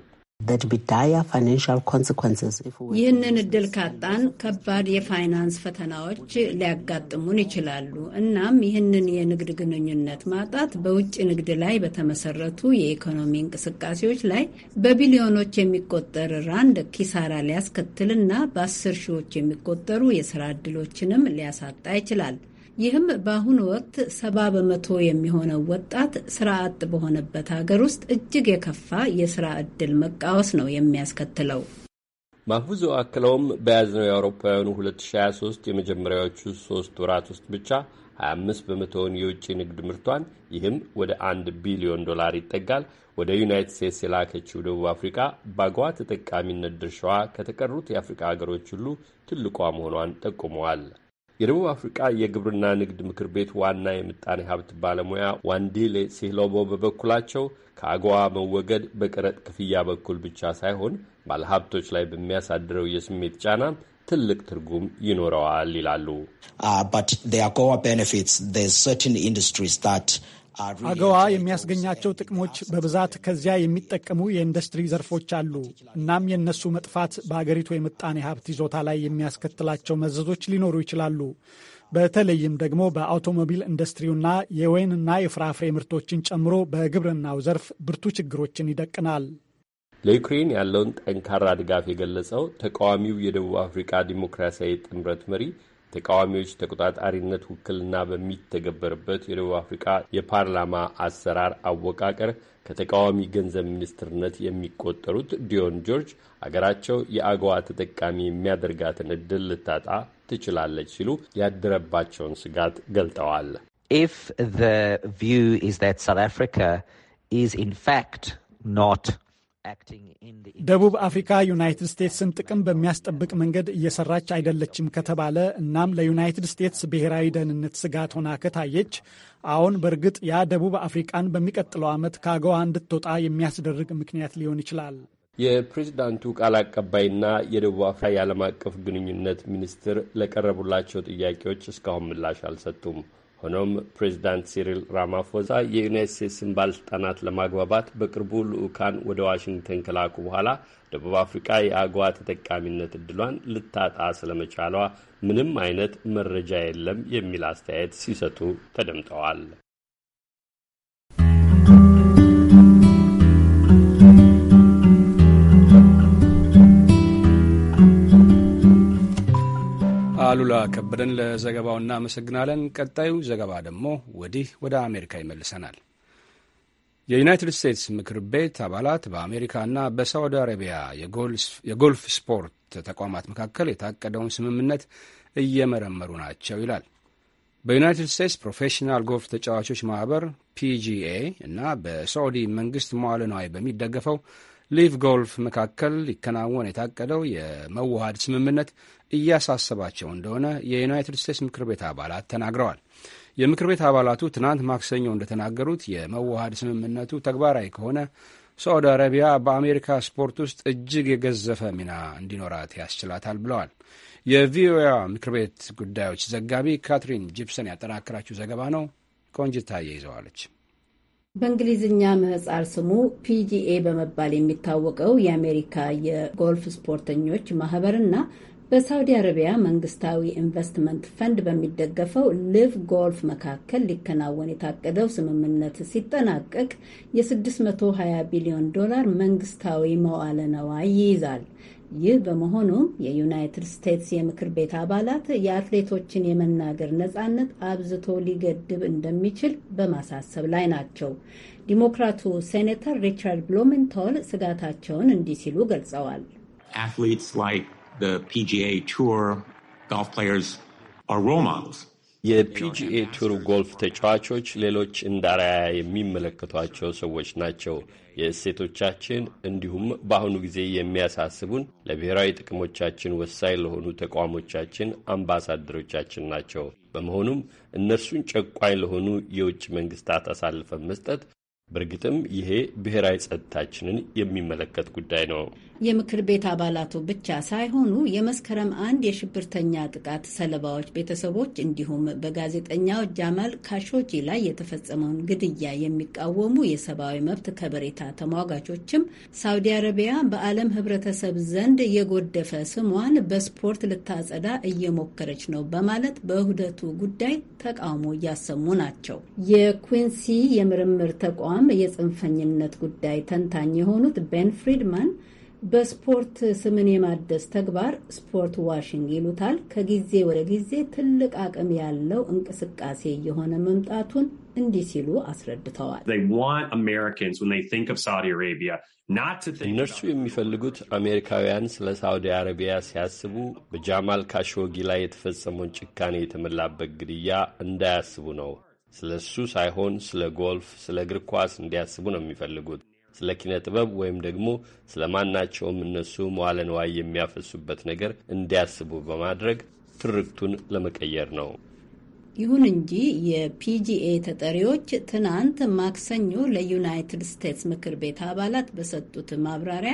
ይህንን እድል ካጣን ከባድ የፋይናንስ ፈተናዎች ሊያጋጥሙን ይችላሉ። እናም ይህንን የንግድ ግንኙነት ማጣት በውጭ ንግድ ላይ በተመሰረቱ የኢኮኖሚ እንቅስቃሴዎች ላይ በቢሊዮኖች የሚቆጠር ራንድ ኪሳራ ሊያስከትል በአስር ሺዎች የሚቆጠሩ የስራ እድሎችንም ሊያሳጣ ይችላል። ይህም በአሁኑ ወቅት ሰባ በመቶ የሚሆነው ወጣት ስራ አጥ በሆነበት ሀገር ውስጥ እጅግ የከፋ የስራ ዕድል መቃወስ ነው የሚያስከትለው። ማፉዞ አክለውም በያዝነው የአውሮፓውያኑ 2023 የመጀመሪያዎቹ ሶስት ወራት ውስጥ ብቻ 25 በመቶውን የውጭ ንግድ ምርቷን ይህም ወደ 1 ቢሊዮን ዶላር ይጠጋል ወደ ዩናይትድ ስቴትስ የላከችው ደቡብ አፍሪካ በአጎዋ ተጠቃሚነት ድርሻዋ ከተቀሩት የአፍሪካ ሀገሮች ሁሉ ትልቋ መሆኗን ጠቁመዋል። የደቡብ አፍሪቃ የግብርና ንግድ ምክር ቤት ዋና የምጣኔ ሀብት ባለሙያ ዋንዲሌ ሴሎቦ በበኩላቸው ከአጎዋ መወገድ በቀረጥ ክፍያ በኩል ብቻ ሳይሆን ባለሀብቶች ላይ በሚያሳድረው የስሜት ጫና ትልቅ ትርጉም ይኖረዋል ይላሉ። uh, አገዋ የሚያስገኛቸው ጥቅሞች በብዛት ከዚያ የሚጠቀሙ የኢንዱስትሪ ዘርፎች አሉ። እናም የእነሱ መጥፋት በአገሪቱ የምጣኔ ሀብት ይዞታ ላይ የሚያስከትላቸው መዘዞች ሊኖሩ ይችላሉ። በተለይም ደግሞ በአውቶሞቢል ኢንዱስትሪውና የወይንና የፍራፍሬ ምርቶችን ጨምሮ በግብርናው ዘርፍ ብርቱ ችግሮችን ይደቅናል። ለዩክሬን ያለውን ጠንካራ ድጋፍ የገለጸው ተቃዋሚው የደቡብ አፍሪካ ዲሞክራሲያዊ ጥምረት መሪ ተቃዋሚዎች ተቆጣጣሪነት ውክልና በሚተገበርበት የደቡብ አፍሪካ የፓርላማ አሰራር አወቃቀር ከተቃዋሚ ገንዘብ ሚኒስትርነት የሚቆጠሩት ዲዮን ጆርጅ አገራቸው የአገዋ ተጠቃሚ የሚያደርጋትን ዕድል ልታጣ ትችላለች ሲሉ ያደረባቸውን ስጋት ገልጠዋል። ኢፍ ዘ ቪው ኢዝ ዛት አፍሪካ ኢዝ ኖት ደቡብ አፍሪካ ዩናይትድ ስቴትስን ጥቅም በሚያስጠብቅ መንገድ እየሰራች አይደለችም ከተባለ እናም ለዩናይትድ ስቴትስ ብሔራዊ ደህንነት ስጋት ሆና ከታየች፣ አሁን በእርግጥ ያ ደቡብ አፍሪካን በሚቀጥለው ዓመት ከአገዋ እንድትወጣ የሚያስደርግ ምክንያት ሊሆን ይችላል። የፕሬዚዳንቱ ቃል አቀባይና የደቡብ አፍሪካ የዓለም አቀፍ ግንኙነት ሚኒስትር ለቀረቡላቸው ጥያቄዎች እስካሁን ምላሽ አልሰጡም። ሆኖም ፕሬዚዳንት ሲሪል ራማፎዛ የዩናይት ስቴትስን ባለስልጣናት ለማግባባት በቅርቡ ልዑካን ወደ ዋሽንግተን ከላኩ በኋላ ደቡብ አፍሪካ የአግዋ ተጠቃሚነት እድሏን ልታጣ ስለመቻሏ ምንም አይነት መረጃ የለም የሚል አስተያየት ሲሰጡ ተደምጠዋል። አሉላ ከበደን ለዘገባው እናመሰግናለን። ቀጣዩ ዘገባ ደግሞ ወዲህ ወደ አሜሪካ ይመልሰናል። የዩናይትድ ስቴትስ ምክር ቤት አባላት በአሜሪካና በሳዑዲ አረቢያ የጎልፍ ስፖርት ተቋማት መካከል የታቀደውን ስምምነት እየመረመሩ ናቸው ይላል። በዩናይትድ ስቴትስ ፕሮፌሽናል ጎልፍ ተጫዋቾች ማህበር ፒጂኤ እና በሳዑዲ መንግስት መዋለ ንዋይ በሚደገፈው ሊቭ ጎልፍ መካከል ሊከናወን የታቀደው የመዋሃድ ስምምነት እያሳሰባቸው እንደሆነ የዩናይትድ ስቴትስ ምክር ቤት አባላት ተናግረዋል። የምክር ቤት አባላቱ ትናንት ማክሰኞ እንደተናገሩት የመዋሃድ ስምምነቱ ተግባራዊ ከሆነ ሳዑዲ አረቢያ በአሜሪካ ስፖርት ውስጥ እጅግ የገዘፈ ሚና እንዲኖራት ያስችላታል ብለዋል። የቪኦኤ ምክር ቤት ጉዳዮች ዘጋቢ ካትሪን ጂፕሰን ያጠናከረችው ዘገባ ነው። ቆንጅታ ይዘዋለች። በእንግሊዝኛ ምህፃር ስሙ ፒጂኤ በመባል የሚታወቀው የአሜሪካ የጎልፍ ስፖርተኞች ማህበር በሳውዲ አረቢያ መንግስታዊ ኢንቨስትመንት ፈንድ በሚደገፈው ልቭ ጎልፍ መካከል ሊከናወን የታቀደው ስምምነት ሲጠናቀቅ የ620 ቢሊዮን ዶላር መንግስታዊ መዋለ ነዋይ ይይዛል። ይህ በመሆኑም የዩናይትድ ስቴትስ የምክር ቤት አባላት የአትሌቶችን የመናገር ነጻነት አብዝቶ ሊገድብ እንደሚችል በማሳሰብ ላይ ናቸው። ዲሞክራቱ ሴኔተር ሪቻርድ ብሎሜንቶል ስጋታቸውን እንዲህ ሲሉ ገልጸዋል። አትሌትስ ፒጂኤ ቱር ጎልፍ ፕሌየርስ አር ሮል ሞደልስ የፒጂኤ ቱር ጎልፍ ተጫዋቾች ሌሎች እንዳራያ የሚመለከቷቸው ሰዎች ናቸው። የእሴቶቻችን እንዲሁም በአሁኑ ጊዜ የሚያሳስቡን ለብሔራዊ ጥቅሞቻችን ወሳኝ ለሆኑ ተቋሞቻችን አምባሳደሮቻችን ናቸው። በመሆኑም እነርሱን ጨቋኝ ለሆኑ የውጭ መንግስታት አሳልፈን መስጠት በእርግጥም ይሄ ብሔራዊ ጸጥታችንን የሚመለከት ጉዳይ ነው። የምክር ቤት አባላቱ ብቻ ሳይሆኑ የመስከረም አንድ የሽብርተኛ ጥቃት ሰለባዎች ቤተሰቦች እንዲሁም በጋዜጠኛው ጃማል ካሾጂ ላይ የተፈጸመውን ግድያ የሚቃወሙ የሰብአዊ መብት ከበሬታ ተሟጋቾችም ሳውዲ አረቢያ በዓለም ሕብረተሰብ ዘንድ የጎደፈ ስሟን በስፖርት ልታጸዳ እየሞከረች ነው በማለት በውህደቱ ጉዳይ ተቃውሞ እያሰሙ ናቸው። የኩንሲ የምርምር ተቋም ተቋም የጽንፈኝነት ጉዳይ ተንታኝ የሆኑት ቤን ፍሪድማን በስፖርት ስምን የማደስ ተግባር ስፖርት ዋሽንግ ይሉታል ከጊዜ ወደ ጊዜ ትልቅ አቅም ያለው እንቅስቃሴ እየሆነ መምጣቱን እንዲህ ሲሉ አስረድተዋል። እነርሱ የሚፈልጉት አሜሪካውያን ስለ ሳዑዲ አረቢያ ሲያስቡ በጃማል ካሾጊ ላይ የተፈጸመውን ጭካኔ የተሞላበት ግድያ እንዳያስቡ ነው። ስለ እሱ ሳይሆን ስለ ጎልፍ፣ ስለ እግር ኳስ እንዲያስቡ ነው የሚፈልጉት። ስለ ኪነ ጥበብ ወይም ደግሞ ስለ ማናቸውም እነሱ መዋለ ንዋይ የሚያፈሱበት ነገር እንዲያስቡ በማድረግ ትርክቱን ለመቀየር ነው። ይሁን እንጂ የፒጂኤ ተጠሪዎች ትናንት ማክሰኞ ለዩናይትድ ስቴትስ ምክር ቤት አባላት በሰጡት ማብራሪያ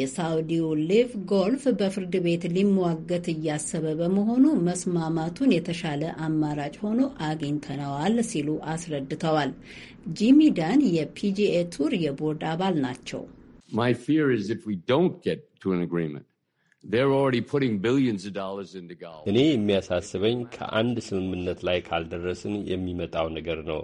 የሳውዲው ሊቭ ጎልፍ በፍርድ ቤት ሊሟገት እያሰበ በመሆኑ መስማማቱን የተሻለ አማራጭ ሆኖ አግኝተነዋል ሲሉ አስረድተዋል። ጂሚ ዳን የፒጂኤ ቱር የቦርድ አባል ናቸው። እኔ የሚያሳስበኝ ከአንድ ስምምነት ላይ ካልደረስን የሚመጣው ነገር ነው።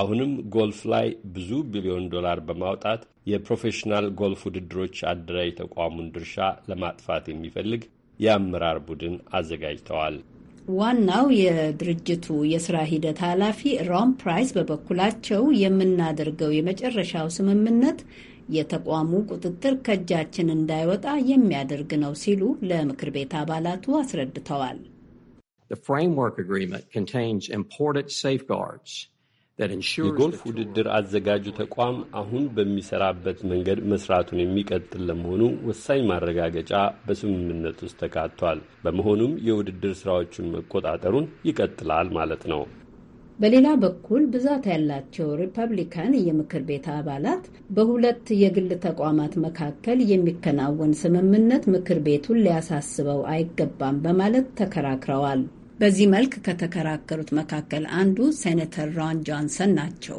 አሁንም ጎልፍ ላይ ብዙ ቢሊዮን ዶላር በማውጣት የፕሮፌሽናል ጎልፍ ውድድሮች አደራጅ ተቋሙን ድርሻ ለማጥፋት የሚፈልግ የአመራር ቡድን አዘጋጅተዋል። ዋናው የድርጅቱ የስራ ሂደት ኃላፊ ሮም ፕራይስ በበኩላቸው የምናደርገው የመጨረሻው ስምምነት የተቋሙ ቁጥጥር ከእጃችን እንዳይወጣ የሚያደርግ ነው ሲሉ ለምክር ቤት አባላቱ አስረድተዋል። The framework agreement contains important safeguards የጎልፍ ውድድር አዘጋጁ ተቋም አሁን በሚሰራበት መንገድ መስራቱን የሚቀጥል ለመሆኑ ወሳኝ ማረጋገጫ በስምምነት ውስጥ ተካቷል። በመሆኑም የውድድር ስራዎቹን መቆጣጠሩን ይቀጥላል ማለት ነው። በሌላ በኩል ብዛት ያላቸው ሪፐብሊካን የምክር ቤት አባላት በሁለት የግል ተቋማት መካከል የሚከናወን ስምምነት ምክር ቤቱን ሊያሳስበው አይገባም በማለት ተከራክረዋል። በዚህ መልክ ከተከራከሩት መካከል አንዱ ሴኔተር ሮን ጆንሰን ናቸው።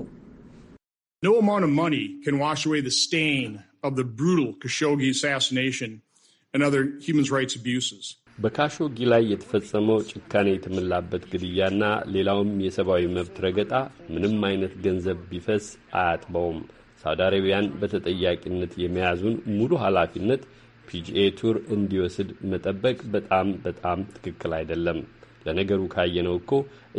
No amount of money can wash away the stain of the brutal Khashoggi assassination and other human rights abuses. በካሾጊ ላይ የተፈጸመው ጭካኔ የተሞላበት ግድያና ሌላውም የሰብአዊ መብት ረገጣ ምንም አይነት ገንዘብ ቢፈስ አያጥበውም። ሳውዲ አረቢያን በተጠያቂነት የመያዙን ሙሉ ኃላፊነት ፒጂኤ ቱር እንዲወስድ መጠበቅ በጣም በጣም ትክክል አይደለም። ለነገሩ ካየነው እኮ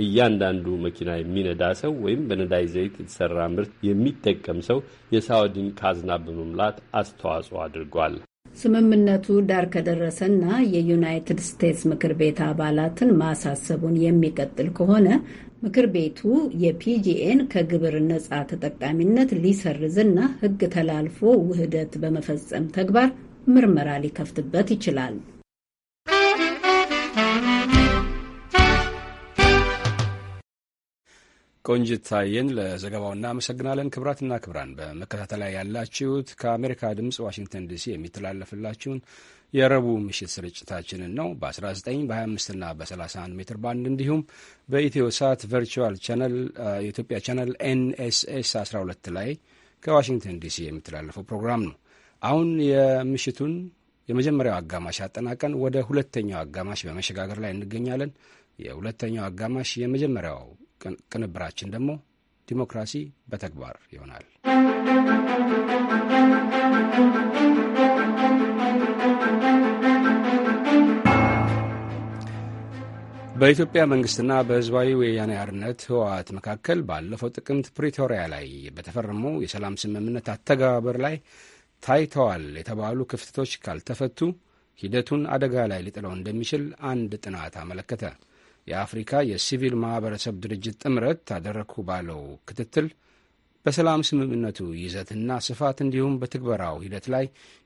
እያንዳንዱ መኪና የሚነዳ ሰው ወይም በነዳጅ ዘይት የተሰራ ምርት የሚጠቀም ሰው የሳውዲን ካዝና በመምላት አስተዋጽኦ አድርጓል። ስምምነቱ ዳር ከደረሰና የዩናይትድ ስቴትስ ምክር ቤት አባላትን ማሳሰቡን የሚቀጥል ከሆነ ምክር ቤቱ የፒጂኤን ከግብር ነፃ ተጠቃሚነት ሊሰርዝና ሕግ ተላልፎ ውህደት በመፈጸም ተግባር ምርመራ ሊከፍትበት ይችላል። ቆንጅት ለዘገባው እናመሰግናለን። ክብራትና ክብራን በመከታተል ላይ ያላችሁት ከአሜሪካ ድምፅ ዋሽንግተን ዲሲ የሚተላለፍላችሁን የረቡዕ ምሽት ስርጭታችንን ነው። በ19 በ25ና በ31 ሜትር ባንድ እንዲሁም በኢትዮ ሳት ቨርቹዋል ቻነል የኢትዮጵያ ቻነል ኤንኤስኤስ 12 ላይ ከዋሽንግተን ዲሲ የሚተላለፈው ፕሮግራም ነው። አሁን የምሽቱን የመጀመሪያው አጋማሽ አጠናቀን ወደ ሁለተኛው አጋማሽ በመሸጋገር ላይ እንገኛለን። የሁለተኛው አጋማሽ የመጀመሪያው ቅንብራችን ደግሞ ዲሞክራሲ በተግባር ይሆናል። በኢትዮጵያ መንግስትና በህዝባዊ ወያኔ አርነት ህወሓት መካከል ባለፈው ጥቅምት ፕሪቶሪያ ላይ በተፈረመው የሰላም ስምምነት አተገባበር ላይ ታይተዋል የተባሉ ክፍተቶች ካልተፈቱ ሂደቱን አደጋ ላይ ሊጥለው እንደሚችል አንድ ጥናት አመለከተ። የአፍሪካ የሲቪል ማኅበረሰብ ድርጅት ጥምረት ታደረግኩ ባለው ክትትል በሰላም ስምምነቱ ይዘትና ስፋት እንዲሁም በትግበራው ሂደት ላይ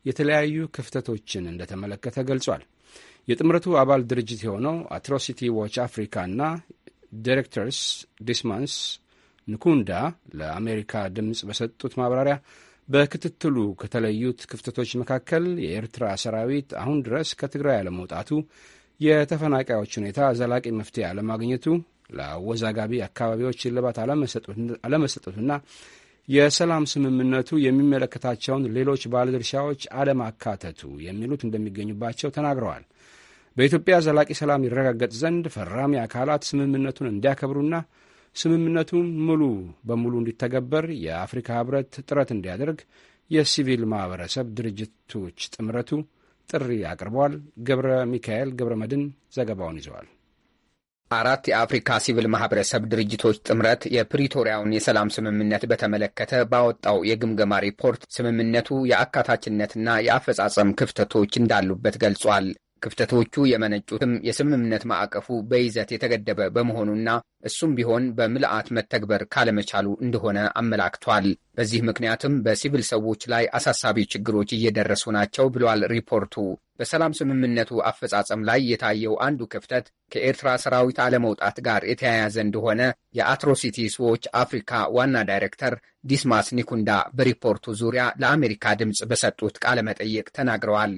የተለያዩ ክፍተቶችን እንደተመለከተ ገልጿል። የጥምረቱ አባል ድርጅት የሆነው አትሮሲቲ ዎች አፍሪካ እና ዲሬክተርስ ዲስማንስ ንኩንዳ ለአሜሪካ ድምፅ በሰጡት ማብራሪያ በክትትሉ ከተለዩት ክፍተቶች መካከል የኤርትራ ሰራዊት አሁን ድረስ ከትግራይ አለመውጣቱ፣ የተፈናቃዮች ሁኔታ ዘላቂ መፍትሄ አለማግኘቱ ለአወዛጋቢ አካባቢዎች እልባት አለመሰጠቱና የሰላም ስምምነቱ የሚመለከታቸውን ሌሎች ባለድርሻዎች አለማካተቱ የሚሉት እንደሚገኙባቸው ተናግረዋል። በኢትዮጵያ ዘላቂ ሰላም ይረጋገጥ ዘንድ ፈራሚ አካላት ስምምነቱን እንዲያከብሩና ስምምነቱን ሙሉ በሙሉ እንዲተገበር የአፍሪካ ሕብረት ጥረት እንዲያደርግ የሲቪል ማኅበረሰብ ድርጅቶች ጥምረቱ ጥሪ አቅርቧል። ገብረ ሚካኤል ገብረ መድን ዘገባውን ይዘዋል። አራት የአፍሪካ ሲቪል ማህበረሰብ ድርጅቶች ጥምረት የፕሪቶሪያውን የሰላም ስምምነት በተመለከተ ባወጣው የግምገማ ሪፖርት ስምምነቱ የአካታችነትና የአፈጻጸም ክፍተቶች እንዳሉበት ገልጿል። ክፍተቶቹ የመነጩትም የስምምነት ማዕቀፉ በይዘት የተገደበ በመሆኑና እሱም ቢሆን በምልአት መተግበር ካለመቻሉ እንደሆነ አመላክቷል። በዚህ ምክንያትም በሲቪል ሰዎች ላይ አሳሳቢ ችግሮች እየደረሱ ናቸው ብሏል ሪፖርቱ። በሰላም ስምምነቱ አፈጻጸም ላይ የታየው አንዱ ክፍተት ከኤርትራ ሰራዊት አለመውጣት ጋር የተያያዘ እንደሆነ የአትሮሲቲስ ዎች አፍሪካ ዋና ዳይሬክተር ዲስማስ ኒኩንዳ በሪፖርቱ ዙሪያ ለአሜሪካ ድምፅ በሰጡት ቃለ መጠይቅ ተናግረዋል።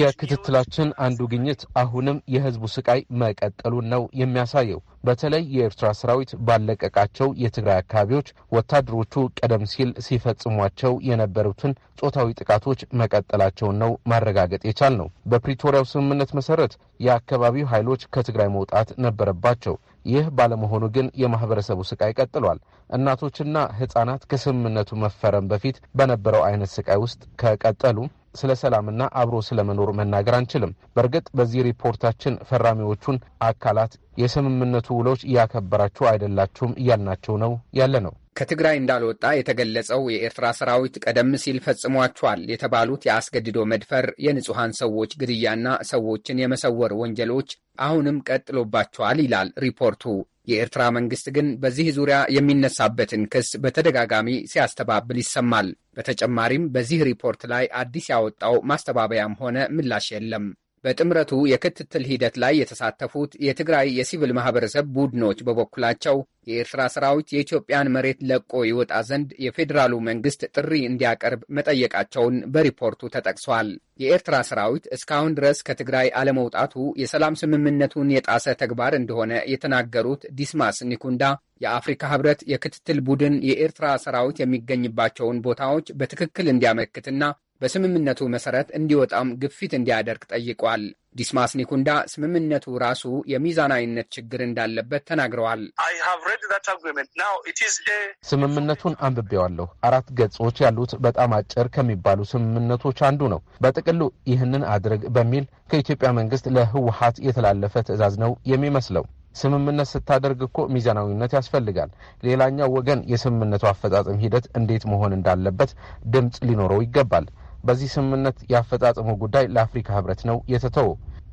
የክትትላችን አንዱ ግኝት አሁንም የህዝቡ ስቃይ መቀጠል መቀላቀሉን ነው የሚያሳየው። በተለይ የኤርትራ ሰራዊት ባለቀቃቸው የትግራይ አካባቢዎች ወታደሮቹ ቀደም ሲል ሲፈጽሟቸው የነበሩትን ጾታዊ ጥቃቶች መቀጠላቸውን ነው ማረጋገጥ የቻል ነው። በፕሪቶሪያው ስምምነት መሰረት የአካባቢው ኃይሎች ከትግራይ መውጣት ነበረባቸው። ይህ ባለመሆኑ ግን የማህበረሰቡ ስቃይ ቀጥሏል። እናቶችና ህጻናት ከስምምነቱ መፈረም በፊት በነበረው አይነት ስቃይ ውስጥ ከቀጠሉ ስለ ሰላምና አብሮ ስለመኖር መናገር አንችልም። በእርግጥ በዚህ ሪፖርታችን ፈራሚዎቹን አካላት የስምምነቱ ውሎች እያከበራችሁ አይደላችሁም እያልናቸው ነው ያለ ነው። ከትግራይ እንዳልወጣ የተገለጸው የኤርትራ ሰራዊት ቀደም ሲል ፈጽሟቸዋል የተባሉት የአስገድዶ መድፈር፣ የንጹሐን ሰዎች ግድያና ሰዎችን የመሰወር ወንጀሎች አሁንም ቀጥሎባቸዋል ይላል ሪፖርቱ። የኤርትራ መንግስት ግን በዚህ ዙሪያ የሚነሳበትን ክስ በተደጋጋሚ ሲያስተባብል ይሰማል። በተጨማሪም በዚህ ሪፖርት ላይ አዲስ ያወጣው ማስተባበያም ሆነ ምላሽ የለም። በጥምረቱ የክትትል ሂደት ላይ የተሳተፉት የትግራይ የሲቪል ማህበረሰብ ቡድኖች በበኩላቸው የኤርትራ ሰራዊት የኢትዮጵያን መሬት ለቆ ይወጣ ዘንድ የፌዴራሉ መንግስት ጥሪ እንዲያቀርብ መጠየቃቸውን በሪፖርቱ ተጠቅሷል። የኤርትራ ሰራዊት እስካሁን ድረስ ከትግራይ አለመውጣቱ የሰላም ስምምነቱን የጣሰ ተግባር እንደሆነ የተናገሩት ዲስማስ ኒኩንዳ የአፍሪካ ህብረት የክትትል ቡድን የኤርትራ ሰራዊት የሚገኝባቸውን ቦታዎች በትክክል እንዲያመለክትና በስምምነቱ መሰረት እንዲወጣም ግፊት እንዲያደርግ ጠይቋል። ዲስማስ ኒኩንዳ ስምምነቱ ራሱ የሚዛናዊነት ችግር እንዳለበት ተናግረዋል። ስምምነቱን አንብቤዋለሁ። አራት ገጾች ያሉት በጣም አጭር ከሚባሉ ስምምነቶች አንዱ ነው። በጥቅሉ ይህንን አድርግ በሚል ከኢትዮጵያ መንግስት ለህወሀት የተላለፈ ትዕዛዝ ነው የሚመስለው። ስምምነት ስታደርግ እኮ ሚዛናዊነት ያስፈልጋል። ሌላኛው ወገን የስምምነቱ አፈጻጸም ሂደት እንዴት መሆን እንዳለበት ድምፅ ሊኖረው ይገባል። በዚህ ስምምነት የአፈጻጸሙ ጉዳይ ለአፍሪካ ህብረት ነው የተተው።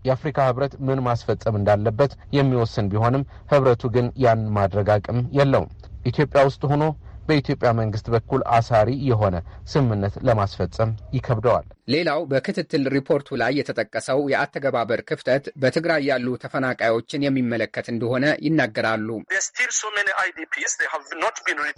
የአፍሪካ ህብረት ምን ማስፈጸም እንዳለበት የሚወስን ቢሆንም ህብረቱ ግን ያን ማድረግ አቅም የለውም። ኢትዮጵያ ውስጥ ሆኖ በኢትዮጵያ መንግስት በኩል አሳሪ የሆነ ስምምነት ለማስፈጸም ይከብደዋል። ሌላው በክትትል ሪፖርቱ ላይ የተጠቀሰው የአተገባበር ክፍተት በትግራይ ያሉ ተፈናቃዮችን የሚመለከት እንደሆነ ይናገራሉ።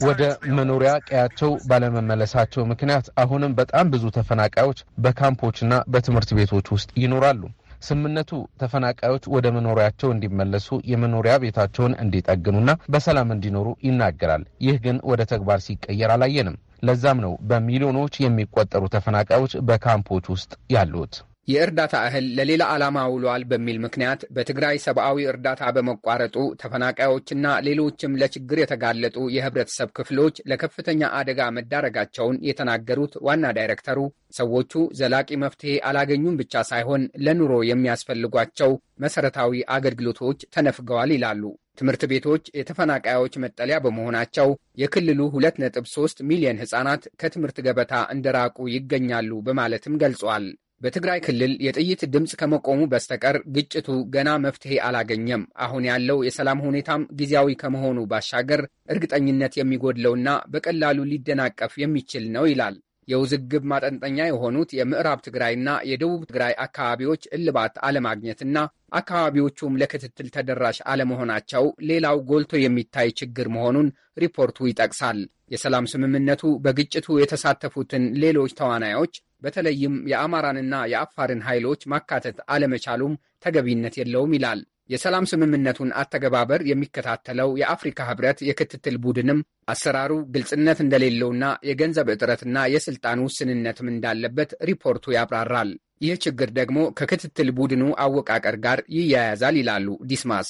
ወደ መኖሪያ ቀያቸው ባለመመለሳቸው ምክንያት አሁንም በጣም ብዙ ተፈናቃዮች በካምፖችና በትምህርት ቤቶች ውስጥ ይኖራሉ። ስምምነቱ ተፈናቃዮች ወደ መኖሪያቸው እንዲመለሱ የመኖሪያ ቤታቸውን እንዲጠግኑና በሰላም እንዲኖሩ ይናገራል። ይህ ግን ወደ ተግባር ሲቀየር አላየንም። ለዛም ነው በሚሊዮኖች የሚቆጠሩ ተፈናቃዮች በካምፖች ውስጥ ያሉት። የእርዳታ እህል ለሌላ ዓላማ ውሏል በሚል ምክንያት በትግራይ ሰብአዊ እርዳታ በመቋረጡ ተፈናቃዮችና ሌሎችም ለችግር የተጋለጡ የህብረተሰብ ክፍሎች ለከፍተኛ አደጋ መዳረጋቸውን የተናገሩት ዋና ዳይሬክተሩ ሰዎቹ ዘላቂ መፍትሄ አላገኙም ብቻ ሳይሆን ለኑሮ የሚያስፈልጓቸው መሰረታዊ አገልግሎቶች ተነፍገዋል ይላሉ። ትምህርት ቤቶች የተፈናቃዮች መጠለያ በመሆናቸው የክልሉ 2.3 ሚሊዮን ሕፃናት ከትምህርት ገበታ እንደራቁ ይገኛሉ በማለትም ገልጿል። በትግራይ ክልል የጥይት ድምፅ ከመቆሙ በስተቀር ግጭቱ ገና መፍትሄ አላገኘም። አሁን ያለው የሰላም ሁኔታም ጊዜያዊ ከመሆኑ ባሻገር እርግጠኝነት የሚጎድለውና በቀላሉ ሊደናቀፍ የሚችል ነው ይላል። የውዝግብ ማጠንጠኛ የሆኑት የምዕራብ ትግራይና የደቡብ ትግራይ አካባቢዎች እልባት አለማግኘትና አካባቢዎቹም ለክትትል ተደራሽ አለመሆናቸው ሌላው ጎልቶ የሚታይ ችግር መሆኑን ሪፖርቱ ይጠቅሳል። የሰላም ስምምነቱ በግጭቱ የተሳተፉትን ሌሎች ተዋናዮች በተለይም የአማራንና የአፋርን ኃይሎች ማካተት አለመቻሉም ተገቢነት የለውም ይላል። የሰላም ስምምነቱን አተገባበር የሚከታተለው የአፍሪካ ህብረት የክትትል ቡድንም አሰራሩ ግልጽነት እንደሌለውና የገንዘብ እጥረትና የስልጣን ውስንነትም እንዳለበት ሪፖርቱ ያብራራል። ይህ ችግር ደግሞ ከክትትል ቡድኑ አወቃቀር ጋር ይያያዛል ይላሉ ዲስማስ።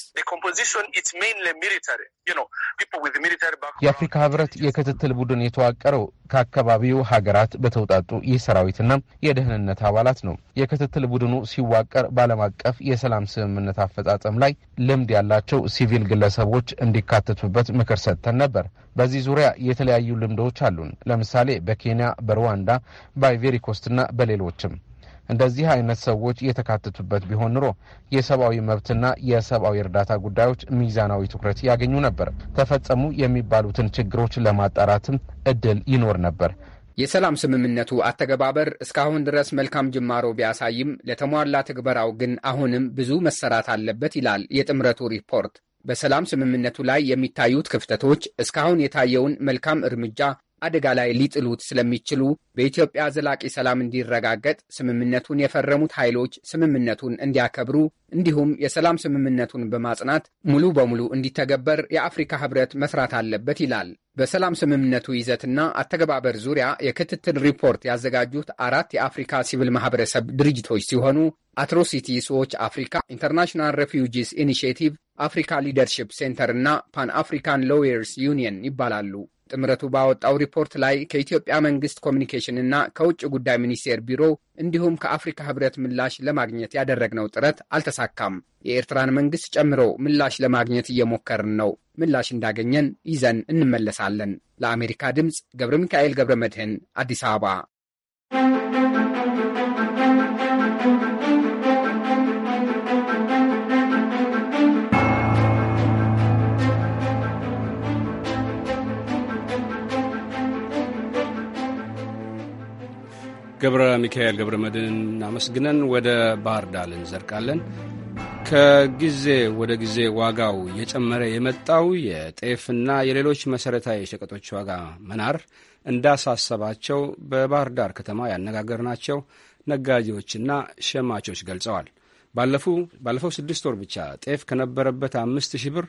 የአፍሪካ ህብረት የክትትል ቡድን የተዋቀረው ከአካባቢው ሀገራት በተውጣጡ የሰራዊትና የደህንነት አባላት ነው። የክትትል ቡድኑ ሲዋቀር በዓለም አቀፍ የሰላም ስምምነት አፈጻጸም ላይ ልምድ ያላቸው ሲቪል ግለሰቦች እንዲካተቱበት ምክር ሰጥተን ነበር። በዚህ ዙሪያ የተለያዩ ልምዶች አሉን። ለምሳሌ በኬንያ፣ በሩዋንዳ፣ በአይቬሪ በሌሎችም እንደዚህ አይነት ሰዎች የተካተቱበት ቢሆን ኑሮ የሰብአዊ መብትና የሰብአዊ እርዳታ ጉዳዮች ሚዛናዊ ትኩረት ያገኙ ነበር። ተፈጸሙ የሚባሉትን ችግሮች ለማጣራትም እድል ይኖር ነበር። የሰላም ስምምነቱ አተገባበር እስካሁን ድረስ መልካም ጅማሮ ቢያሳይም ለተሟላ ትግበራው ግን አሁንም ብዙ መሰራት አለበት ይላል የጥምረቱ ሪፖርት። በሰላም ስምምነቱ ላይ የሚታዩት ክፍተቶች እስካሁን የታየውን መልካም እርምጃ አደጋ ላይ ሊጥሉት ስለሚችሉ በኢትዮጵያ ዘላቂ ሰላም እንዲረጋገጥ ስምምነቱን የፈረሙት ኃይሎች ስምምነቱን እንዲያከብሩ እንዲሁም የሰላም ስምምነቱን በማጽናት ሙሉ በሙሉ እንዲተገበር የአፍሪካ ሕብረት መስራት አለበት ይላል። በሰላም ስምምነቱ ይዘትና አተገባበር ዙሪያ የክትትል ሪፖርት ያዘጋጁት አራት የአፍሪካ ሲቪል ማህበረሰብ ድርጅቶች ሲሆኑ አትሮሲቲ ሰዎች አፍሪካ፣ ኢንተርናሽናል ሬፊውጂስ ኢኒሽቲቭ፣ አፍሪካ ሊደርሺፕ ሴንተር እና ፓን አፍሪካን ሎየርስ ዩኒየን ይባላሉ። ጥምረቱ ባወጣው ሪፖርት ላይ ከኢትዮጵያ መንግስት ኮሚኒኬሽን እና ከውጭ ጉዳይ ሚኒስቴር ቢሮ እንዲሁም ከአፍሪካ ህብረት ምላሽ ለማግኘት ያደረግነው ጥረት አልተሳካም። የኤርትራን መንግስት ጨምሮ ምላሽ ለማግኘት እየሞከርን ነው። ምላሽ እንዳገኘን ይዘን እንመለሳለን። ለአሜሪካ ድምፅ ገብረ ሚካኤል ገብረ መድህን አዲስ አበባ ገብረ ሚካኤል ገብረ መድህን እናመስግነን። ወደ ባህር ዳር እንዘርቃለን። ከጊዜ ወደ ጊዜ ዋጋው እየጨመረ የመጣው የጤፍና የሌሎች መሠረታዊ ሸቀጦች ዋጋ መናር እንዳሳሰባቸው በባህር ዳር ከተማ ያነጋገርናቸው ነጋዴዎችና ሸማቾች ገልጸዋል። ባለፈው ስድስት ወር ብቻ ጤፍ ከነበረበት አምስት ሺህ ብር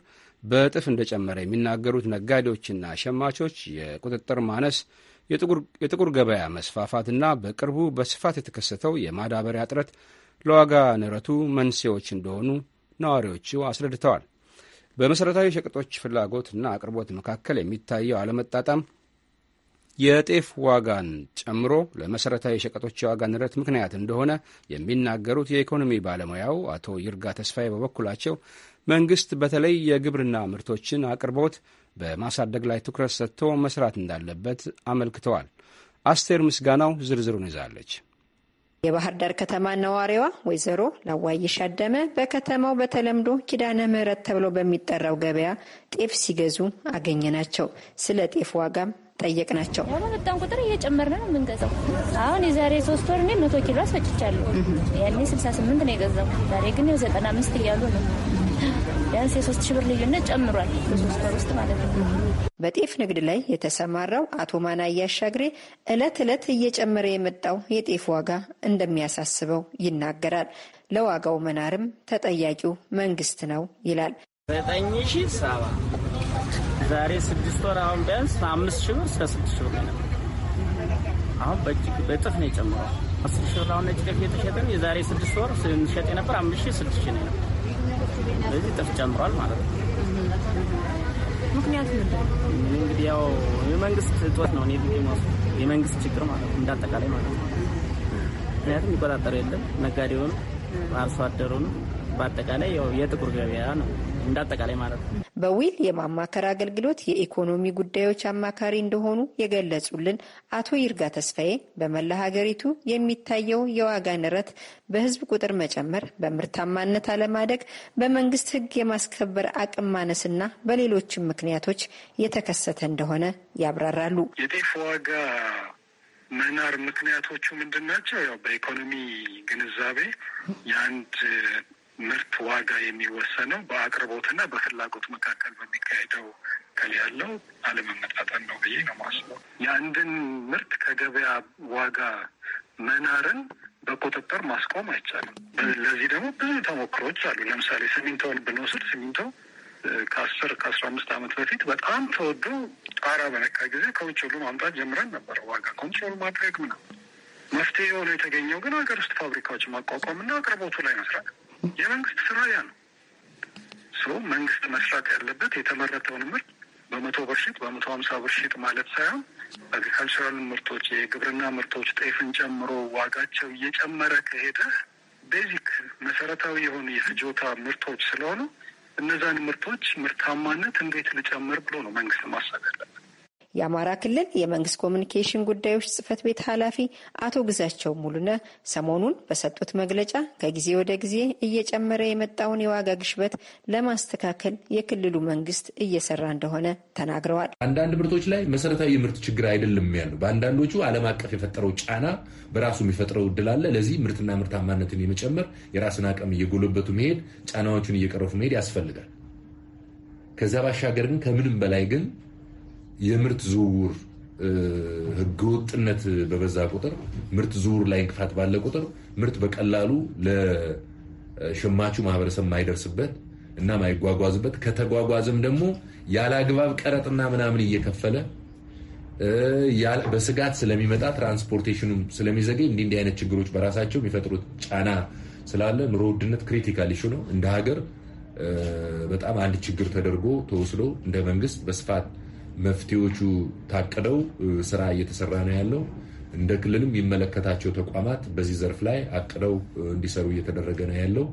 በእጥፍ እንደጨመረ የሚናገሩት ነጋዴዎችና ሸማቾች የቁጥጥር ማነስ የጥቁር ገበያ መስፋፋትና በቅርቡ በስፋት የተከሰተው የማዳበሪያ እጥረት ለዋጋ ንረቱ መንስኤዎች እንደሆኑ ነዋሪዎቹ አስረድተዋል። በመሠረታዊ ሸቀጦች ፍላጎትና አቅርቦት መካከል የሚታየው አለመጣጣም የጤፍ ዋጋን ጨምሮ ለመሠረታዊ ሸቀጦች የዋጋ ንረት ምክንያት እንደሆነ የሚናገሩት የኢኮኖሚ ባለሙያው አቶ ይርጋ ተስፋዬ በበኩላቸው መንግሥት በተለይ የግብርና ምርቶችን አቅርቦት በማሳደግ ላይ ትኩረት ሰጥቶ መስራት እንዳለበት አመልክተዋል። አስቴር ምስጋናው ዝርዝሩን ይዛለች። የባህር ዳር ከተማ ነዋሪዋ ወይዘሮ ላዋይሽ አደመ በከተማው በተለምዶ ኪዳነ ምሕረት ተብሎ በሚጠራው ገበያ ጤፍ ሲገዙ አገኘ ናቸው። ስለ ጤፍ ዋጋም ጠየቅ ናቸው። በመጣን ቁጥር እየጨመርን ነው የምንገዛው። አሁን የዛሬ ሶስት ወር እኔ መቶ ኪሎ አስፈጭቻለሁ። ያኔ ስልሳ ስምንት ነው የገዛው። ዛሬ ግን ዘጠና አምስት እያሉ ነው ቢያንስ የሶስት ሺ ብር ልዩነት ጨምሯል በሶስት ወር ውስጥ ማለት ነው። በጤፍ ንግድ ላይ የተሰማራው አቶ ማና እያሻግሬ እለት እለት እየጨመረ የመጣው የጤፍ ዋጋ እንደሚያሳስበው ይናገራል። ለዋጋው መናርም ተጠያቂው መንግስት ነው ይላል። ዘጠኝ ሺ ሰባ ዛሬ ስድስት ወር አሁን ቢያንስ አምስት ሺ ብር እስከ ስድስት ሺህ ብር አሁን በእጅግ በእጥፍ ነው የጨምረው። አስር ሺ ብር አሁን ነጭ ጤፍ እየተሸጠን የዛሬ ስድስት ወር ስንሸጥ የነበር አምስት ሺ ስድስት ሺ ነው የነበር ስለዚህ ጥፍ ጨምሯል ማለት ነው። ምክንያቱ እንግዲህ ያው የመንግስት እጦት ነው። እኔ የመንግስት ችግር ማለት ነው እንዳጠቃላይ ማለት ነው። ምክንያቱም የሚቆጣጠሩ የለም ነጋዴውንም አርሶ አደሩንም በአጠቃላይ ያው የጥቁር ገበያ ነው። እንዳጠቃላይ ማለት ነው። በዊል የማማከር አገልግሎት የኢኮኖሚ ጉዳዮች አማካሪ እንደሆኑ የገለጹልን አቶ ይርጋ ተስፋዬ በመላ ሀገሪቱ የሚታየው የዋጋ ንረት በህዝብ ቁጥር መጨመር፣ በምርታማነት አለማደግ፣ በመንግስት ህግ የማስከበር አቅም ማነስና በሌሎችም ምክንያቶች የተከሰተ እንደሆነ ያብራራሉ። የጤፍ ዋጋ መናር ምክንያቶቹ ምንድን ናቸው? ያው በኢኮኖሚ ግንዛቤ የአንድ ምርት ዋጋ የሚወሰነው በአቅርቦትና በፍላጎት መካከል በሚካሄደው መካከል ያለው አለመመጣጠን ነው ብዬ ነው ማስበው። የአንድን ምርት ከገበያ ዋጋ መናርን በቁጥጥር ማስቆም አይቻልም። ለዚህ ደግሞ ብዙ ተሞክሮች አሉ። ለምሳሌ ሲሚንቶን ብንወስድ ሲሚንቶ ከአስር ከአስራ አምስት ዓመት በፊት በጣም ተወዶ ጣራ በነካ ጊዜ ከውጭ ሁሉ ማምጣት ጀምረን ነበረ ዋጋ ኮንትሮል ማድረግ ምናምን። መፍትሄ የሆነ የተገኘው ግን ሀገር ውስጥ ፋብሪካዎች ማቋቋምና አቅርቦቱ ላይ መስራት የመንግስት ስራ ያ ነው። መንግስት መስራት ያለበት የተመረተውን ምርት በመቶ ብርሽት በመቶ ሀምሳ ብርሽት ማለት ሳይሆን አግሪካልቸራል ምርቶች፣ የግብርና ምርቶች ጤፍን ጨምሮ ዋጋቸው እየጨመረ ከሄደ ቤዚክ መሰረታዊ የሆኑ የፍጆታ ምርቶች ስለሆኑ እነዛን ምርቶች ምርታማነት እንዴት ልጨምር ብሎ ነው መንግስት ማሰብ ያለበት። የአማራ ክልል የመንግስት ኮሚኒኬሽን ጉዳዮች ጽህፈት ቤት ኃላፊ አቶ ግዛቸው ሙሉነ ሰሞኑን በሰጡት መግለጫ ከጊዜ ወደ ጊዜ እየጨመረ የመጣውን የዋጋ ግሽበት ለማስተካከል የክልሉ መንግስት እየሰራ እንደሆነ ተናግረዋል። አንዳንድ ምርቶች ላይ መሰረታዊ የምርት ችግር አይደለም ያሉ፣ በአንዳንዶቹ ዓለም አቀፍ የፈጠረው ጫና በራሱ የሚፈጥረው እድል አለ። ለዚህ ምርትና ምርታማነትን የመጨመር የራስን አቅም እየጎለበቱ መሄድ፣ ጫናዎቹን እየቀረፉ መሄድ ያስፈልጋል። ከዛ ባሻገር ግን ከምንም በላይ ግን የምርት ዝውውር ህገወጥነት በበዛ ቁጥር ምርት ዝውውር ላይ እንቅፋት ባለ ቁጥር ምርት በቀላሉ ለሸማቹ ማህበረሰብ ማይደርስበት እና ማይጓጓዝበት ከተጓጓዝም ደግሞ ያለ አግባብ ቀረጥና ምናምን እየከፈለ በስጋት ስለሚመጣ ትራንስፖርቴሽኑም ስለሚዘገኝ እንዲህ እንዲህ አይነት ችግሮች በራሳቸው የሚፈጥሩት ጫና ስላለ ኑሮ ውድነት ክሪቲካል ኢሹ ነው። እንደ ሀገር በጣም አንድ ችግር ተደርጎ ተወስዶ እንደ መንግስት በስፋት መፍትሄዎቹ ታቅደው ስራ እየተሰራ ነው ያለው። እንደ ክልልም የሚመለከታቸው ተቋማት በዚህ ዘርፍ ላይ አቅደው እንዲሰሩ እየተደረገ ነው ያለው።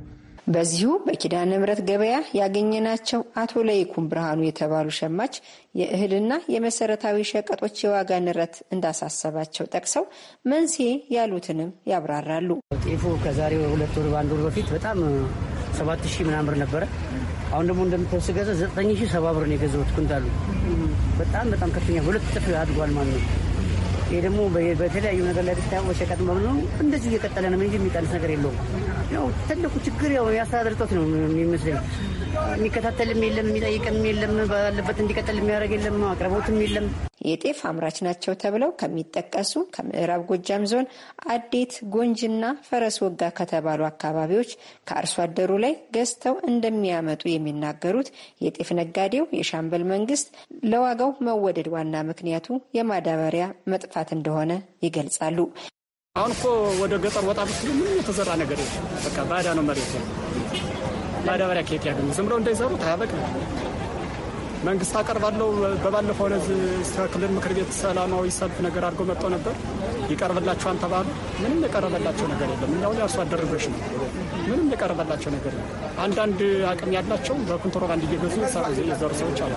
በዚሁ በኪዳነ ምሕረት ገበያ ያገኘናቸው አቶ ለይኩም ብርሃኑ የተባሉ ሸማች የእህልና የመሰረታዊ ሸቀጦች የዋጋ ንረት እንዳሳሰባቸው ጠቅሰው መንስኤ ያሉትንም ያብራራሉ። ጤፉ ከዛሬ ሁለት ወር በአንድ ወር በፊት በጣም ሰባት ሺህ ምናምን ብር ነበረ። አሁን ደግሞ እንደምታስገዛ ዘጠኝ ሺህ ሰባ ብር ነው የገዛሁት ኩንታሉ በጣም በጣም ከፍተኛ ሁለት እጥፍ አድጓል ማለት ነው። ይህ ደግሞ በተለያዩ ነገር ላይ ብታየው በሸቀጥ መብሉ እንደዚሁ እየቀጠለ ነው እንጂ የሚቀንስ ነገር የለውም። ያው ትልቁ ችግር ያው የአስተዳደር እጦት ነው የሚመስለኝ። የሚከታተልም የለም፣ የሚጠይቅም የለም፣ ባለበት እንዲቀጥል የሚያደርግ የለም፣ አቅርቦትም የለም። የጤፍ አምራች ናቸው ተብለው ከሚጠቀሱ ከምዕራብ ጎጃም ዞን አዴት፣ ጎንጅና ፈረስ ወጋ ከተባሉ አካባቢዎች ከአርሶ አደሩ ላይ ገዝተው እንደሚያመጡ የሚናገሩት የጤፍ ነጋዴው የሻምበል መንግስት ለዋጋው መወደድ ዋና ምክንያቱ የማዳበሪያ መጥፋት እንደሆነ ይገልጻሉ። አሁን እኮ ወደ ገጠር ወጣ ብትሉ ምንም የተዘራ ነገር በቃ ባዳ ነው መሬት ማዳበሪያ ከየት ያገኙ? ዝም ብለው እንዳይሰሩት ነው። መንግስት አቀርባለሁ በባለፈው ለዚህ ክልል ምክር ቤት ሰላማዊ ሰልፍ ነገር አድርገው መጥጦ ነበር። ይቀርብላቸዋል ተባሉ። ምንም የቀረበላቸው ነገር የለም። እኛሁን ያርሶ አደረጎች ነው። ምንም የቀረበላቸው ነገር የለም። አንዳንድ አቅም ያላቸው በኮንትሮባንድ እየገዙ የሰሩ ሰዎች አሉ።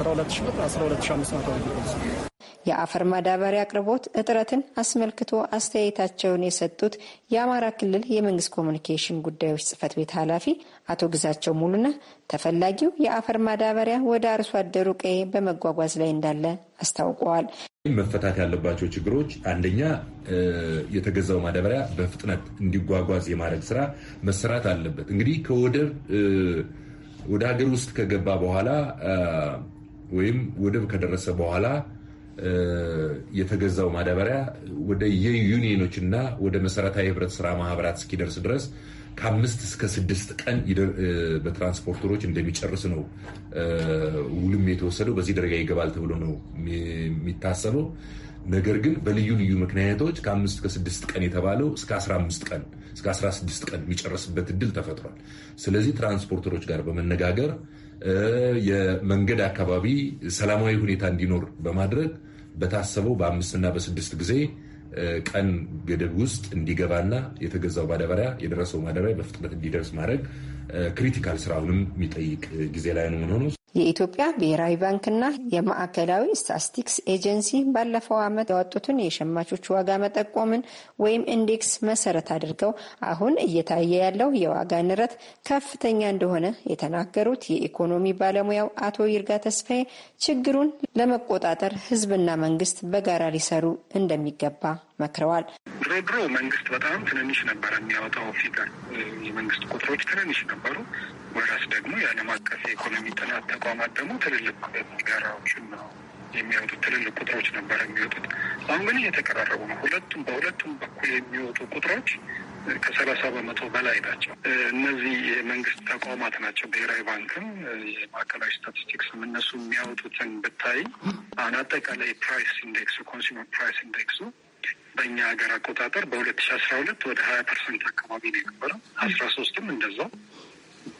12000 ብር ብር የአፈር ማዳበሪያ አቅርቦት እጥረትን አስመልክቶ አስተያየታቸውን የሰጡት የአማራ ክልል የመንግስት ኮሚኒኬሽን ጉዳዮች ጽህፈት ቤት ኃላፊ አቶ ግዛቸው ሙሉና ተፈላጊው የአፈር ማዳበሪያ ወደ አርሶ አደሩ ቀዬ በመጓጓዝ ላይ እንዳለ አስታውቀዋል። መፈታት ያለባቸው ችግሮች አንደኛ የተገዛው ማዳበሪያ በፍጥነት እንዲጓጓዝ የማድረግ ስራ መሰራት አለበት። እንግዲህ ከወደብ ወደ ሀገር ውስጥ ከገባ በኋላ ወይም ወደብ ከደረሰ በኋላ የተገዛው ማዳበሪያ ወደ የዩኒየኖች እና ወደ መሰረታዊ ህብረት ስራ ማህበራት እስኪደርስ ድረስ ከአምስት እስከ ስድስት ቀን በትራንስፖርተሮች እንደሚጨርስ ነው ውልም የተወሰደው። በዚህ ደረጃ ይገባል ተብሎ ነው የሚታሰበው። ነገር ግን በልዩ ልዩ ምክንያቶች ከአምስት ከስድስት ቀን የተባለው እስከ 15 ቀን እስከ ስድስት ቀን የሚጨርስበት እድል ተፈጥሯል። ስለዚህ ትራንስፖርተሮች ጋር በመነጋገር የመንገድ አካባቢ ሰላማዊ ሁኔታ እንዲኖር በማድረግ በታሰበው በአምስትና በስድስት ጊዜ ቀን ገደብ ውስጥ እንዲገባና የተገዛው ማዳበሪያ የደረሰው ማዳበሪያ በፍጥነት እንዲደርስ ማድረግ ክሪቲካል ስራውንም የሚጠይቅ ጊዜ ላይ ነው የምንሆነው። የኢትዮጵያ ብሔራዊ ባንክና የማዕከላዊ ስታስቲክስ ኤጀንሲ ባለፈው ዓመት ያወጡትን የሸማቾች ዋጋ መጠቆምን ወይም ኢንዴክስ መሰረት አድርገው አሁን እየታየ ያለው የዋጋ ንረት ከፍተኛ እንደሆነ የተናገሩት የኢኮኖሚ ባለሙያው አቶ ይርጋ ተስፋዬ ችግሩን ለመቆጣጠር ሕዝብና መንግስት በጋራ ሊሰሩ እንደሚገባ መክረዋል። ድሮ ድሮ መንግስት በጣም ትንንሽ ነበረ የሚያወጣው ፊገር የመንግስት ቁጥሮች ትንንሽ ነበሩ። ወራስ ደግሞ የዓለም አቀፍ የኢኮኖሚ ጥናት ተቋማት ደግሞ ትልልቅ ጋራዎችን ነው የሚወጡት ትልልቅ ቁጥሮች ነበር የሚወጡት። አሁን ግን እየተቀራረቡ ነው። ሁለቱም በሁለቱም በኩል የሚወጡ ቁጥሮች ከሰላሳ በመቶ በላይ ናቸው። እነዚህ የመንግስት ተቋማት ናቸው። ብሔራዊ ባንክም የማዕከላዊ ስታቲስቲክስም እነሱ የሚያወጡትን ብታይ አሁን አጠቃላይ ፕራይስ ኢንዴክሱ ኮንሱመር ፕራይስ ኢንዴክሱ በእኛ ሀገር አቆጣጠር በሁለት ሺ አስራ ሁለት ወደ ሀያ ፐርሰንት አካባቢ ነው የነበረው አስራ ሶስትም እንደዛው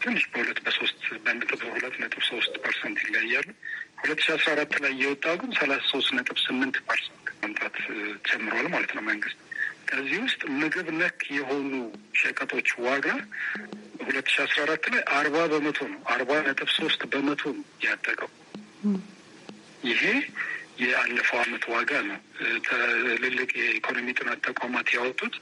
ትንሽ በሁለት በሶስት በአንድ ነጥብ ሁለት ነጥብ ሶስት ፐርሰንት ይለያሉ። ሁለት ሺ አስራ አራት ላይ የወጣው ግን ሰላሳ ሶስት ነጥብ ስምንት ፐርሰንት መምጣት ጀምሯል ማለት ነው መንግስት። ከዚህ ውስጥ ምግብ ነክ የሆኑ ሸቀጦች ዋጋ ሁለት ሺ አስራ አራት ላይ አርባ በመቶ ነው አርባ ነጥብ ሶስት በመቶ ነው ያጠቀው። ይሄ የአለፈው አመት ዋጋ ነው። ትልልቅ የኢኮኖሚ ጥናት ተቋማት ያወጡት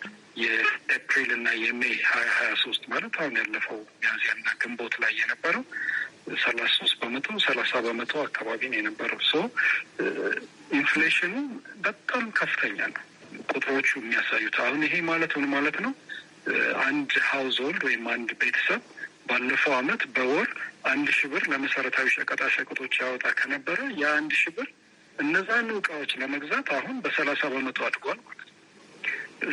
የኤፕሪል እና የሜይ ሀያ ሀያ ሶስት ማለት አሁን ያለፈው ሚያዝያ ግንቦት ላይ የነበረው ሰላሳ ሶስት በመቶ ሰላሳ በመቶ አካባቢ ነው የነበረው። ሰው ኢንፍሌሽኑ uh, በጣም ከፍተኛ ነው ቁጥሮቹ የሚያሳዩት። አሁን ይሄ ማለት ምን ማለት ነው? Uh, አንድ ሀውዝሆልድ ወይም አንድ ቤተሰብ ባለፈው አመት በወር አንድ ሺ ብር ለመሰረታዊ ሸቀጣ ሸቀጦች ያወጣ ከነበረ የአንድ ሺ ብር እነዛን እቃዎች ለመግዛት አሁን በሰላሳ በመቶ አድጓል።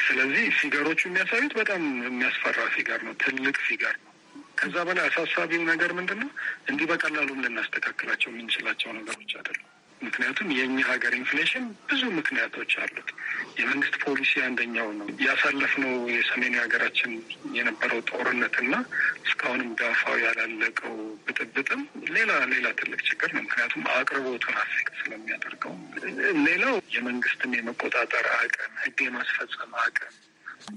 ስለዚህ ፊገሮቹ የሚያሳዩት በጣም የሚያስፈራ ፊገር ነው፣ ትልቅ ፊገር ነው። ከዛ በላይ አሳሳቢው ነገር ምንድን ነው? እንዲህ በቀላሉም ልናስተካክላቸው የምንችላቸው ነገሮች አይደሉም። ምክንያቱም የእኛ ሀገር ኢንፍሌሽን ብዙ ምክንያቶች አሉት። የመንግስት ፖሊሲ አንደኛው ነው። ያሳለፍነው የሰሜን ሀገራችን የነበረው ጦርነትና እስካሁንም ዳፋው ያላለቀው ብጥብጥም ሌላ ሌላ ትልቅ ችግር ነው። ምክንያቱም አቅርቦቱን አፌክት ስለሚያደርገው። ሌላው የመንግስትን የመቆጣጠር አቅም፣ ህግ የማስፈጸም አቅም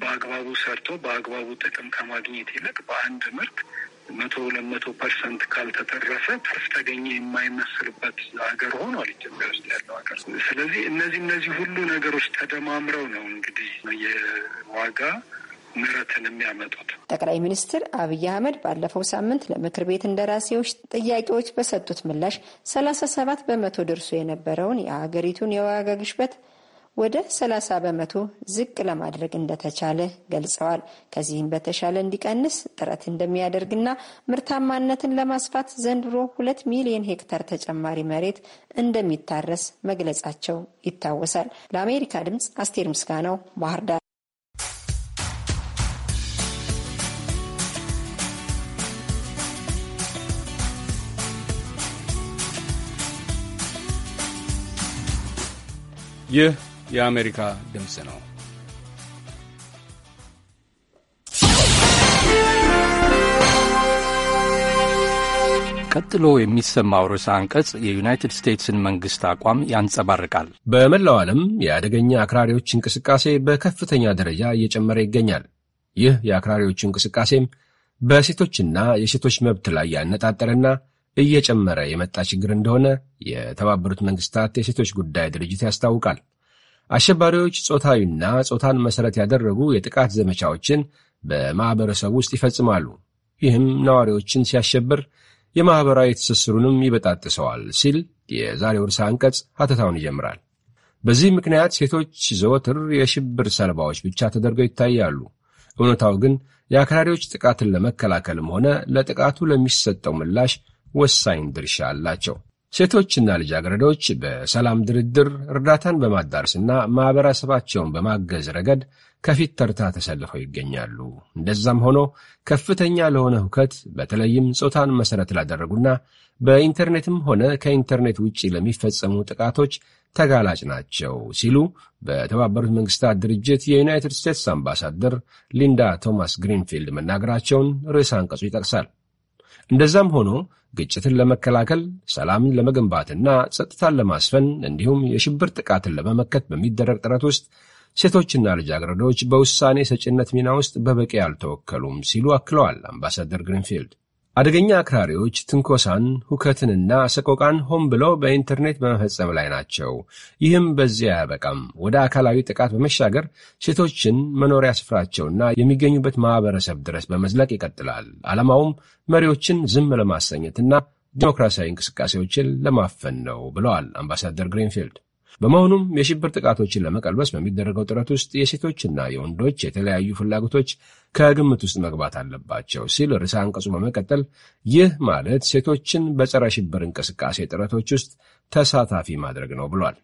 በአግባቡ ሰርቶ በአግባቡ ጥቅም ከማግኘት ይልቅ በአንድ ምርት መቶ ለመቶ ፐርሰንት ካልተተረፈ ትርፍ ተገኘ የማይመስልበት ሀገር ሆኗል ኢትዮጵያ ውስጥ ያለው ሀገር። ስለዚህ እነዚህ እነዚህ ሁሉ ነገሮች ተደማምረው ነው እንግዲህ የዋጋ ምረትን የሚያመጡት። ጠቅላይ ሚኒስትር አብይ አህመድ ባለፈው ሳምንት ለምክር ቤት እንደራሴዎች ጥያቄዎች በሰጡት ምላሽ ሰላሳ ሰባት በመቶ ደርሶ የነበረውን የሀገሪቱን የዋጋ ግሽበት ወደ 30 በመቶ ዝቅ ለማድረግ እንደተቻለ ገልጸዋል። ከዚህም በተሻለ እንዲቀንስ ጥረት እንደሚያደርግና ምርታማነትን ለማስፋት ዘንድሮ ሁለት ሚሊዮን ሄክታር ተጨማሪ መሬት እንደሚታረስ መግለጻቸው ይታወሳል። ለአሜሪካ ድምፅ አስቴር ምስጋናው ባህር ዳር። ይህ የአሜሪካ ድምፅ ነው። ቀጥሎ የሚሰማው ርዕሰ አንቀጽ የዩናይትድ ስቴትስን መንግሥት አቋም ያንጸባርቃል። በመላው ዓለም የአደገኛ አክራሪዎች እንቅስቃሴ በከፍተኛ ደረጃ እየጨመረ ይገኛል። ይህ የአክራሪዎች እንቅስቃሴም በሴቶችና የሴቶች መብት ላይ ያነጣጠረና እየጨመረ የመጣ ችግር እንደሆነ የተባበሩት መንግሥታት የሴቶች ጉዳይ ድርጅት ያስታውቃል። አሸባሪዎች ጾታዊና ጾታን መሠረት ያደረጉ የጥቃት ዘመቻዎችን በማኅበረሰቡ ውስጥ ይፈጽማሉ። ይህም ነዋሪዎችን ሲያሸብር የማኅበራዊ ትስስሩንም ይበጣጥሰዋል ሲል የዛሬው ርዕሰ አንቀጽ ሐተታውን ይጀምራል። በዚህ ምክንያት ሴቶች ዘወትር የሽብር ሰለባዎች ብቻ ተደርገው ይታያሉ። እውነታው ግን የአክራሪዎች ጥቃትን ለመከላከልም ሆነ ለጥቃቱ ለሚሰጠው ምላሽ ወሳኝ ድርሻ አላቸው። ሴቶችና ልጃገረዶች በሰላም ድርድር እርዳታን በማዳረስና ማኅበረሰባቸውን በማገዝ ረገድ ከፊት ተርታ ተሰልፈው ይገኛሉ። እንደዛም ሆኖ ከፍተኛ ለሆነ ሁከት በተለይም ጾታን መሠረት ላደረጉና በኢንተርኔትም ሆነ ከኢንተርኔት ውጪ ለሚፈጸሙ ጥቃቶች ተጋላጭ ናቸው ሲሉ በተባበሩት መንግሥታት ድርጅት የዩናይትድ ስቴትስ አምባሳደር ሊንዳ ቶማስ ግሪንፊልድ መናገራቸውን ርዕስ አንቀጹ ይጠቅሳል። እንደዛም ሆኖ ግጭትን ለመከላከል፣ ሰላምን ለመገንባትና ጸጥታን ለማስፈን እንዲሁም የሽብር ጥቃትን ለመመከት በሚደረግ ጥረት ውስጥ ሴቶችና ልጃገረዶች በውሳኔ ሰጭነት ሚና ውስጥ በበቂ አልተወከሉም ሲሉ አክለዋል አምባሳደር ግሪንፊልድ። አደገኛ አክራሪዎች ትንኮሳን፣ ሁከትንና ሰቆቃን ሆን ብለው በኢንተርኔት በመፈጸም ላይ ናቸው። ይህም በዚያ አያበቃም። ወደ አካላዊ ጥቃት በመሻገር ሴቶችን መኖሪያ ስፍራቸውና የሚገኙበት ማኅበረሰብ ድረስ በመዝለቅ ይቀጥላል። ዓላማውም መሪዎችን ዝም ለማሰኘትና ዲሞክራሲያዊ እንቅስቃሴዎችን ለማፈን ነው ብለዋል አምባሳደር ግሪንፊልድ። በመሆኑም የሽብር ጥቃቶችን ለመቀልበስ በሚደረገው ጥረት ውስጥ የሴቶችና የወንዶች የተለያዩ ፍላጎቶች ከግምት ውስጥ መግባት አለባቸው ሲል ርዕሰ አንቀጹ በመቀጠል ይህ ማለት ሴቶችን በጸረ ሽብር እንቅስቃሴ ጥረቶች ውስጥ ተሳታፊ ማድረግ ነው ብሏል።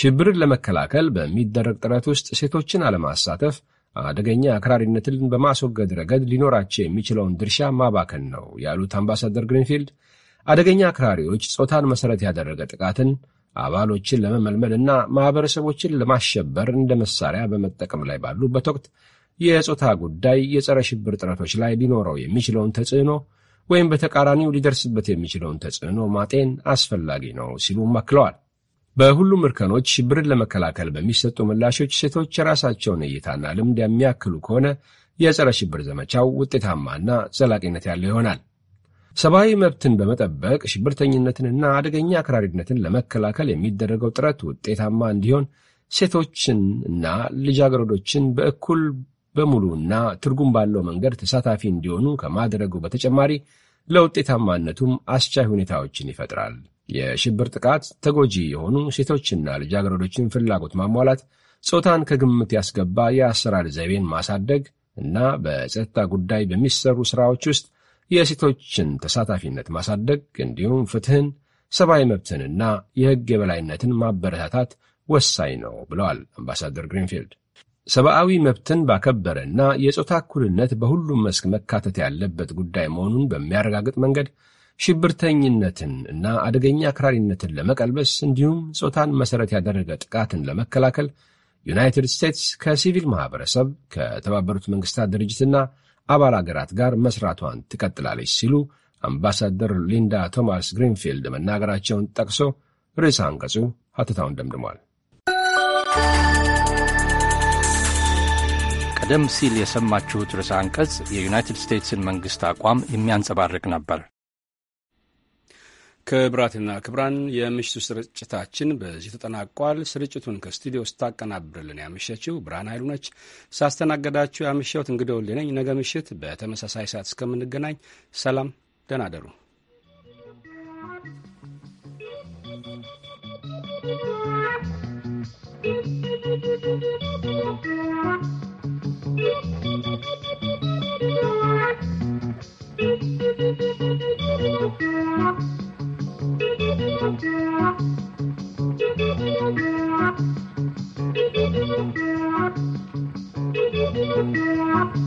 ሽብርን ለመከላከል በሚደረግ ጥረት ውስጥ ሴቶችን አለማሳተፍ አደገኛ አክራሪነትን በማስወገድ ረገድ ሊኖራቸው የሚችለውን ድርሻ ማባከን ነው ያሉት አምባሳደር ግሪንፊልድ አደገኛ አክራሪዎች ጾታን መሠረት ያደረገ ጥቃትን አባሎችን ለመመልመል እና ማኅበረሰቦችን ለማሸበር እንደ መሳሪያ በመጠቀም ላይ ባሉበት ወቅት የጾታ ጉዳይ የጸረ ሽብር ጥረቶች ላይ ሊኖረው የሚችለውን ተጽዕኖ ወይም በተቃራኒው ሊደርስበት የሚችለውን ተጽዕኖ ማጤን አስፈላጊ ነው ሲሉም አክለዋል። በሁሉም እርከኖች ሽብርን ለመከላከል በሚሰጡ ምላሾች ሴቶች የራሳቸውን እይታና ልምድ የሚያክሉ ከሆነ የጸረ ሽብር ዘመቻው ውጤታማና ዘላቂነት ያለው ይሆናል። ሰብአዊ መብትን በመጠበቅ ሽብርተኝነትንና አደገኛ አክራሪነትን ለመከላከል የሚደረገው ጥረት ውጤታማ እንዲሆን ሴቶችን እና ልጃገረዶችን በእኩል በሙሉ እና ትርጉም ባለው መንገድ ተሳታፊ እንዲሆኑ ከማድረጉ በተጨማሪ ለውጤታማነቱም አስቻይ ሁኔታዎችን ይፈጥራል። የሽብር ጥቃት ተጎጂ የሆኑ ሴቶችና ልጃገረዶችን ፍላጎት ማሟላት፣ ጾታን ከግምት ያስገባ የአሰራር ዘይቤን ማሳደግ እና በጸጥታ ጉዳይ በሚሰሩ ስራዎች ውስጥ የሴቶችን ተሳታፊነት ማሳደግ እንዲሁም ፍትህን ሰብአዊ መብትንና የሕግ የበላይነትን ማበረታታት ወሳኝ ነው ብለዋል አምባሳደር ግሪንፊልድ። ሰብአዊ መብትን ባከበረና የጾታ እኩልነት በሁሉም መስክ መካተት ያለበት ጉዳይ መሆኑን በሚያረጋግጥ መንገድ ሽብርተኝነትን እና አደገኛ አክራሪነትን ለመቀልበስ እንዲሁም ጾታን መሠረት ያደረገ ጥቃትን ለመከላከል ዩናይትድ ስቴትስ ከሲቪል ማኅበረሰብ ከተባበሩት መንግሥታት ድርጅትና አባል አገራት ጋር መስራቷን ትቀጥላለች ሲሉ አምባሳደር ሊንዳ ቶማስ ግሪንፊልድ መናገራቸውን ጠቅሶ ርዕሰ አንቀጹ ሐተታውን ደምድሟል። ቀደም ሲል የሰማችሁት ርዕሰ አንቀጽ የዩናይትድ ስቴትስን መንግሥት አቋም የሚያንጸባርቅ ነበር። ክብራትና ክብራን የምሽቱ ስርጭታችን በዚህ ተጠናቋል። ስርጭቱን ከስቱዲዮ ስታቀናብርልን ያመሸችው ብርሃን ኃይሉ ነች። ሳስተናገዳችሁ ያመሸሁት እንግዲህ ወልዴ ነኝ። ነገ ምሽት በተመሳሳይ ሰዓት እስከምንገናኝ ሰላም፣ ደህና አደሩ። Thank you. Thank you.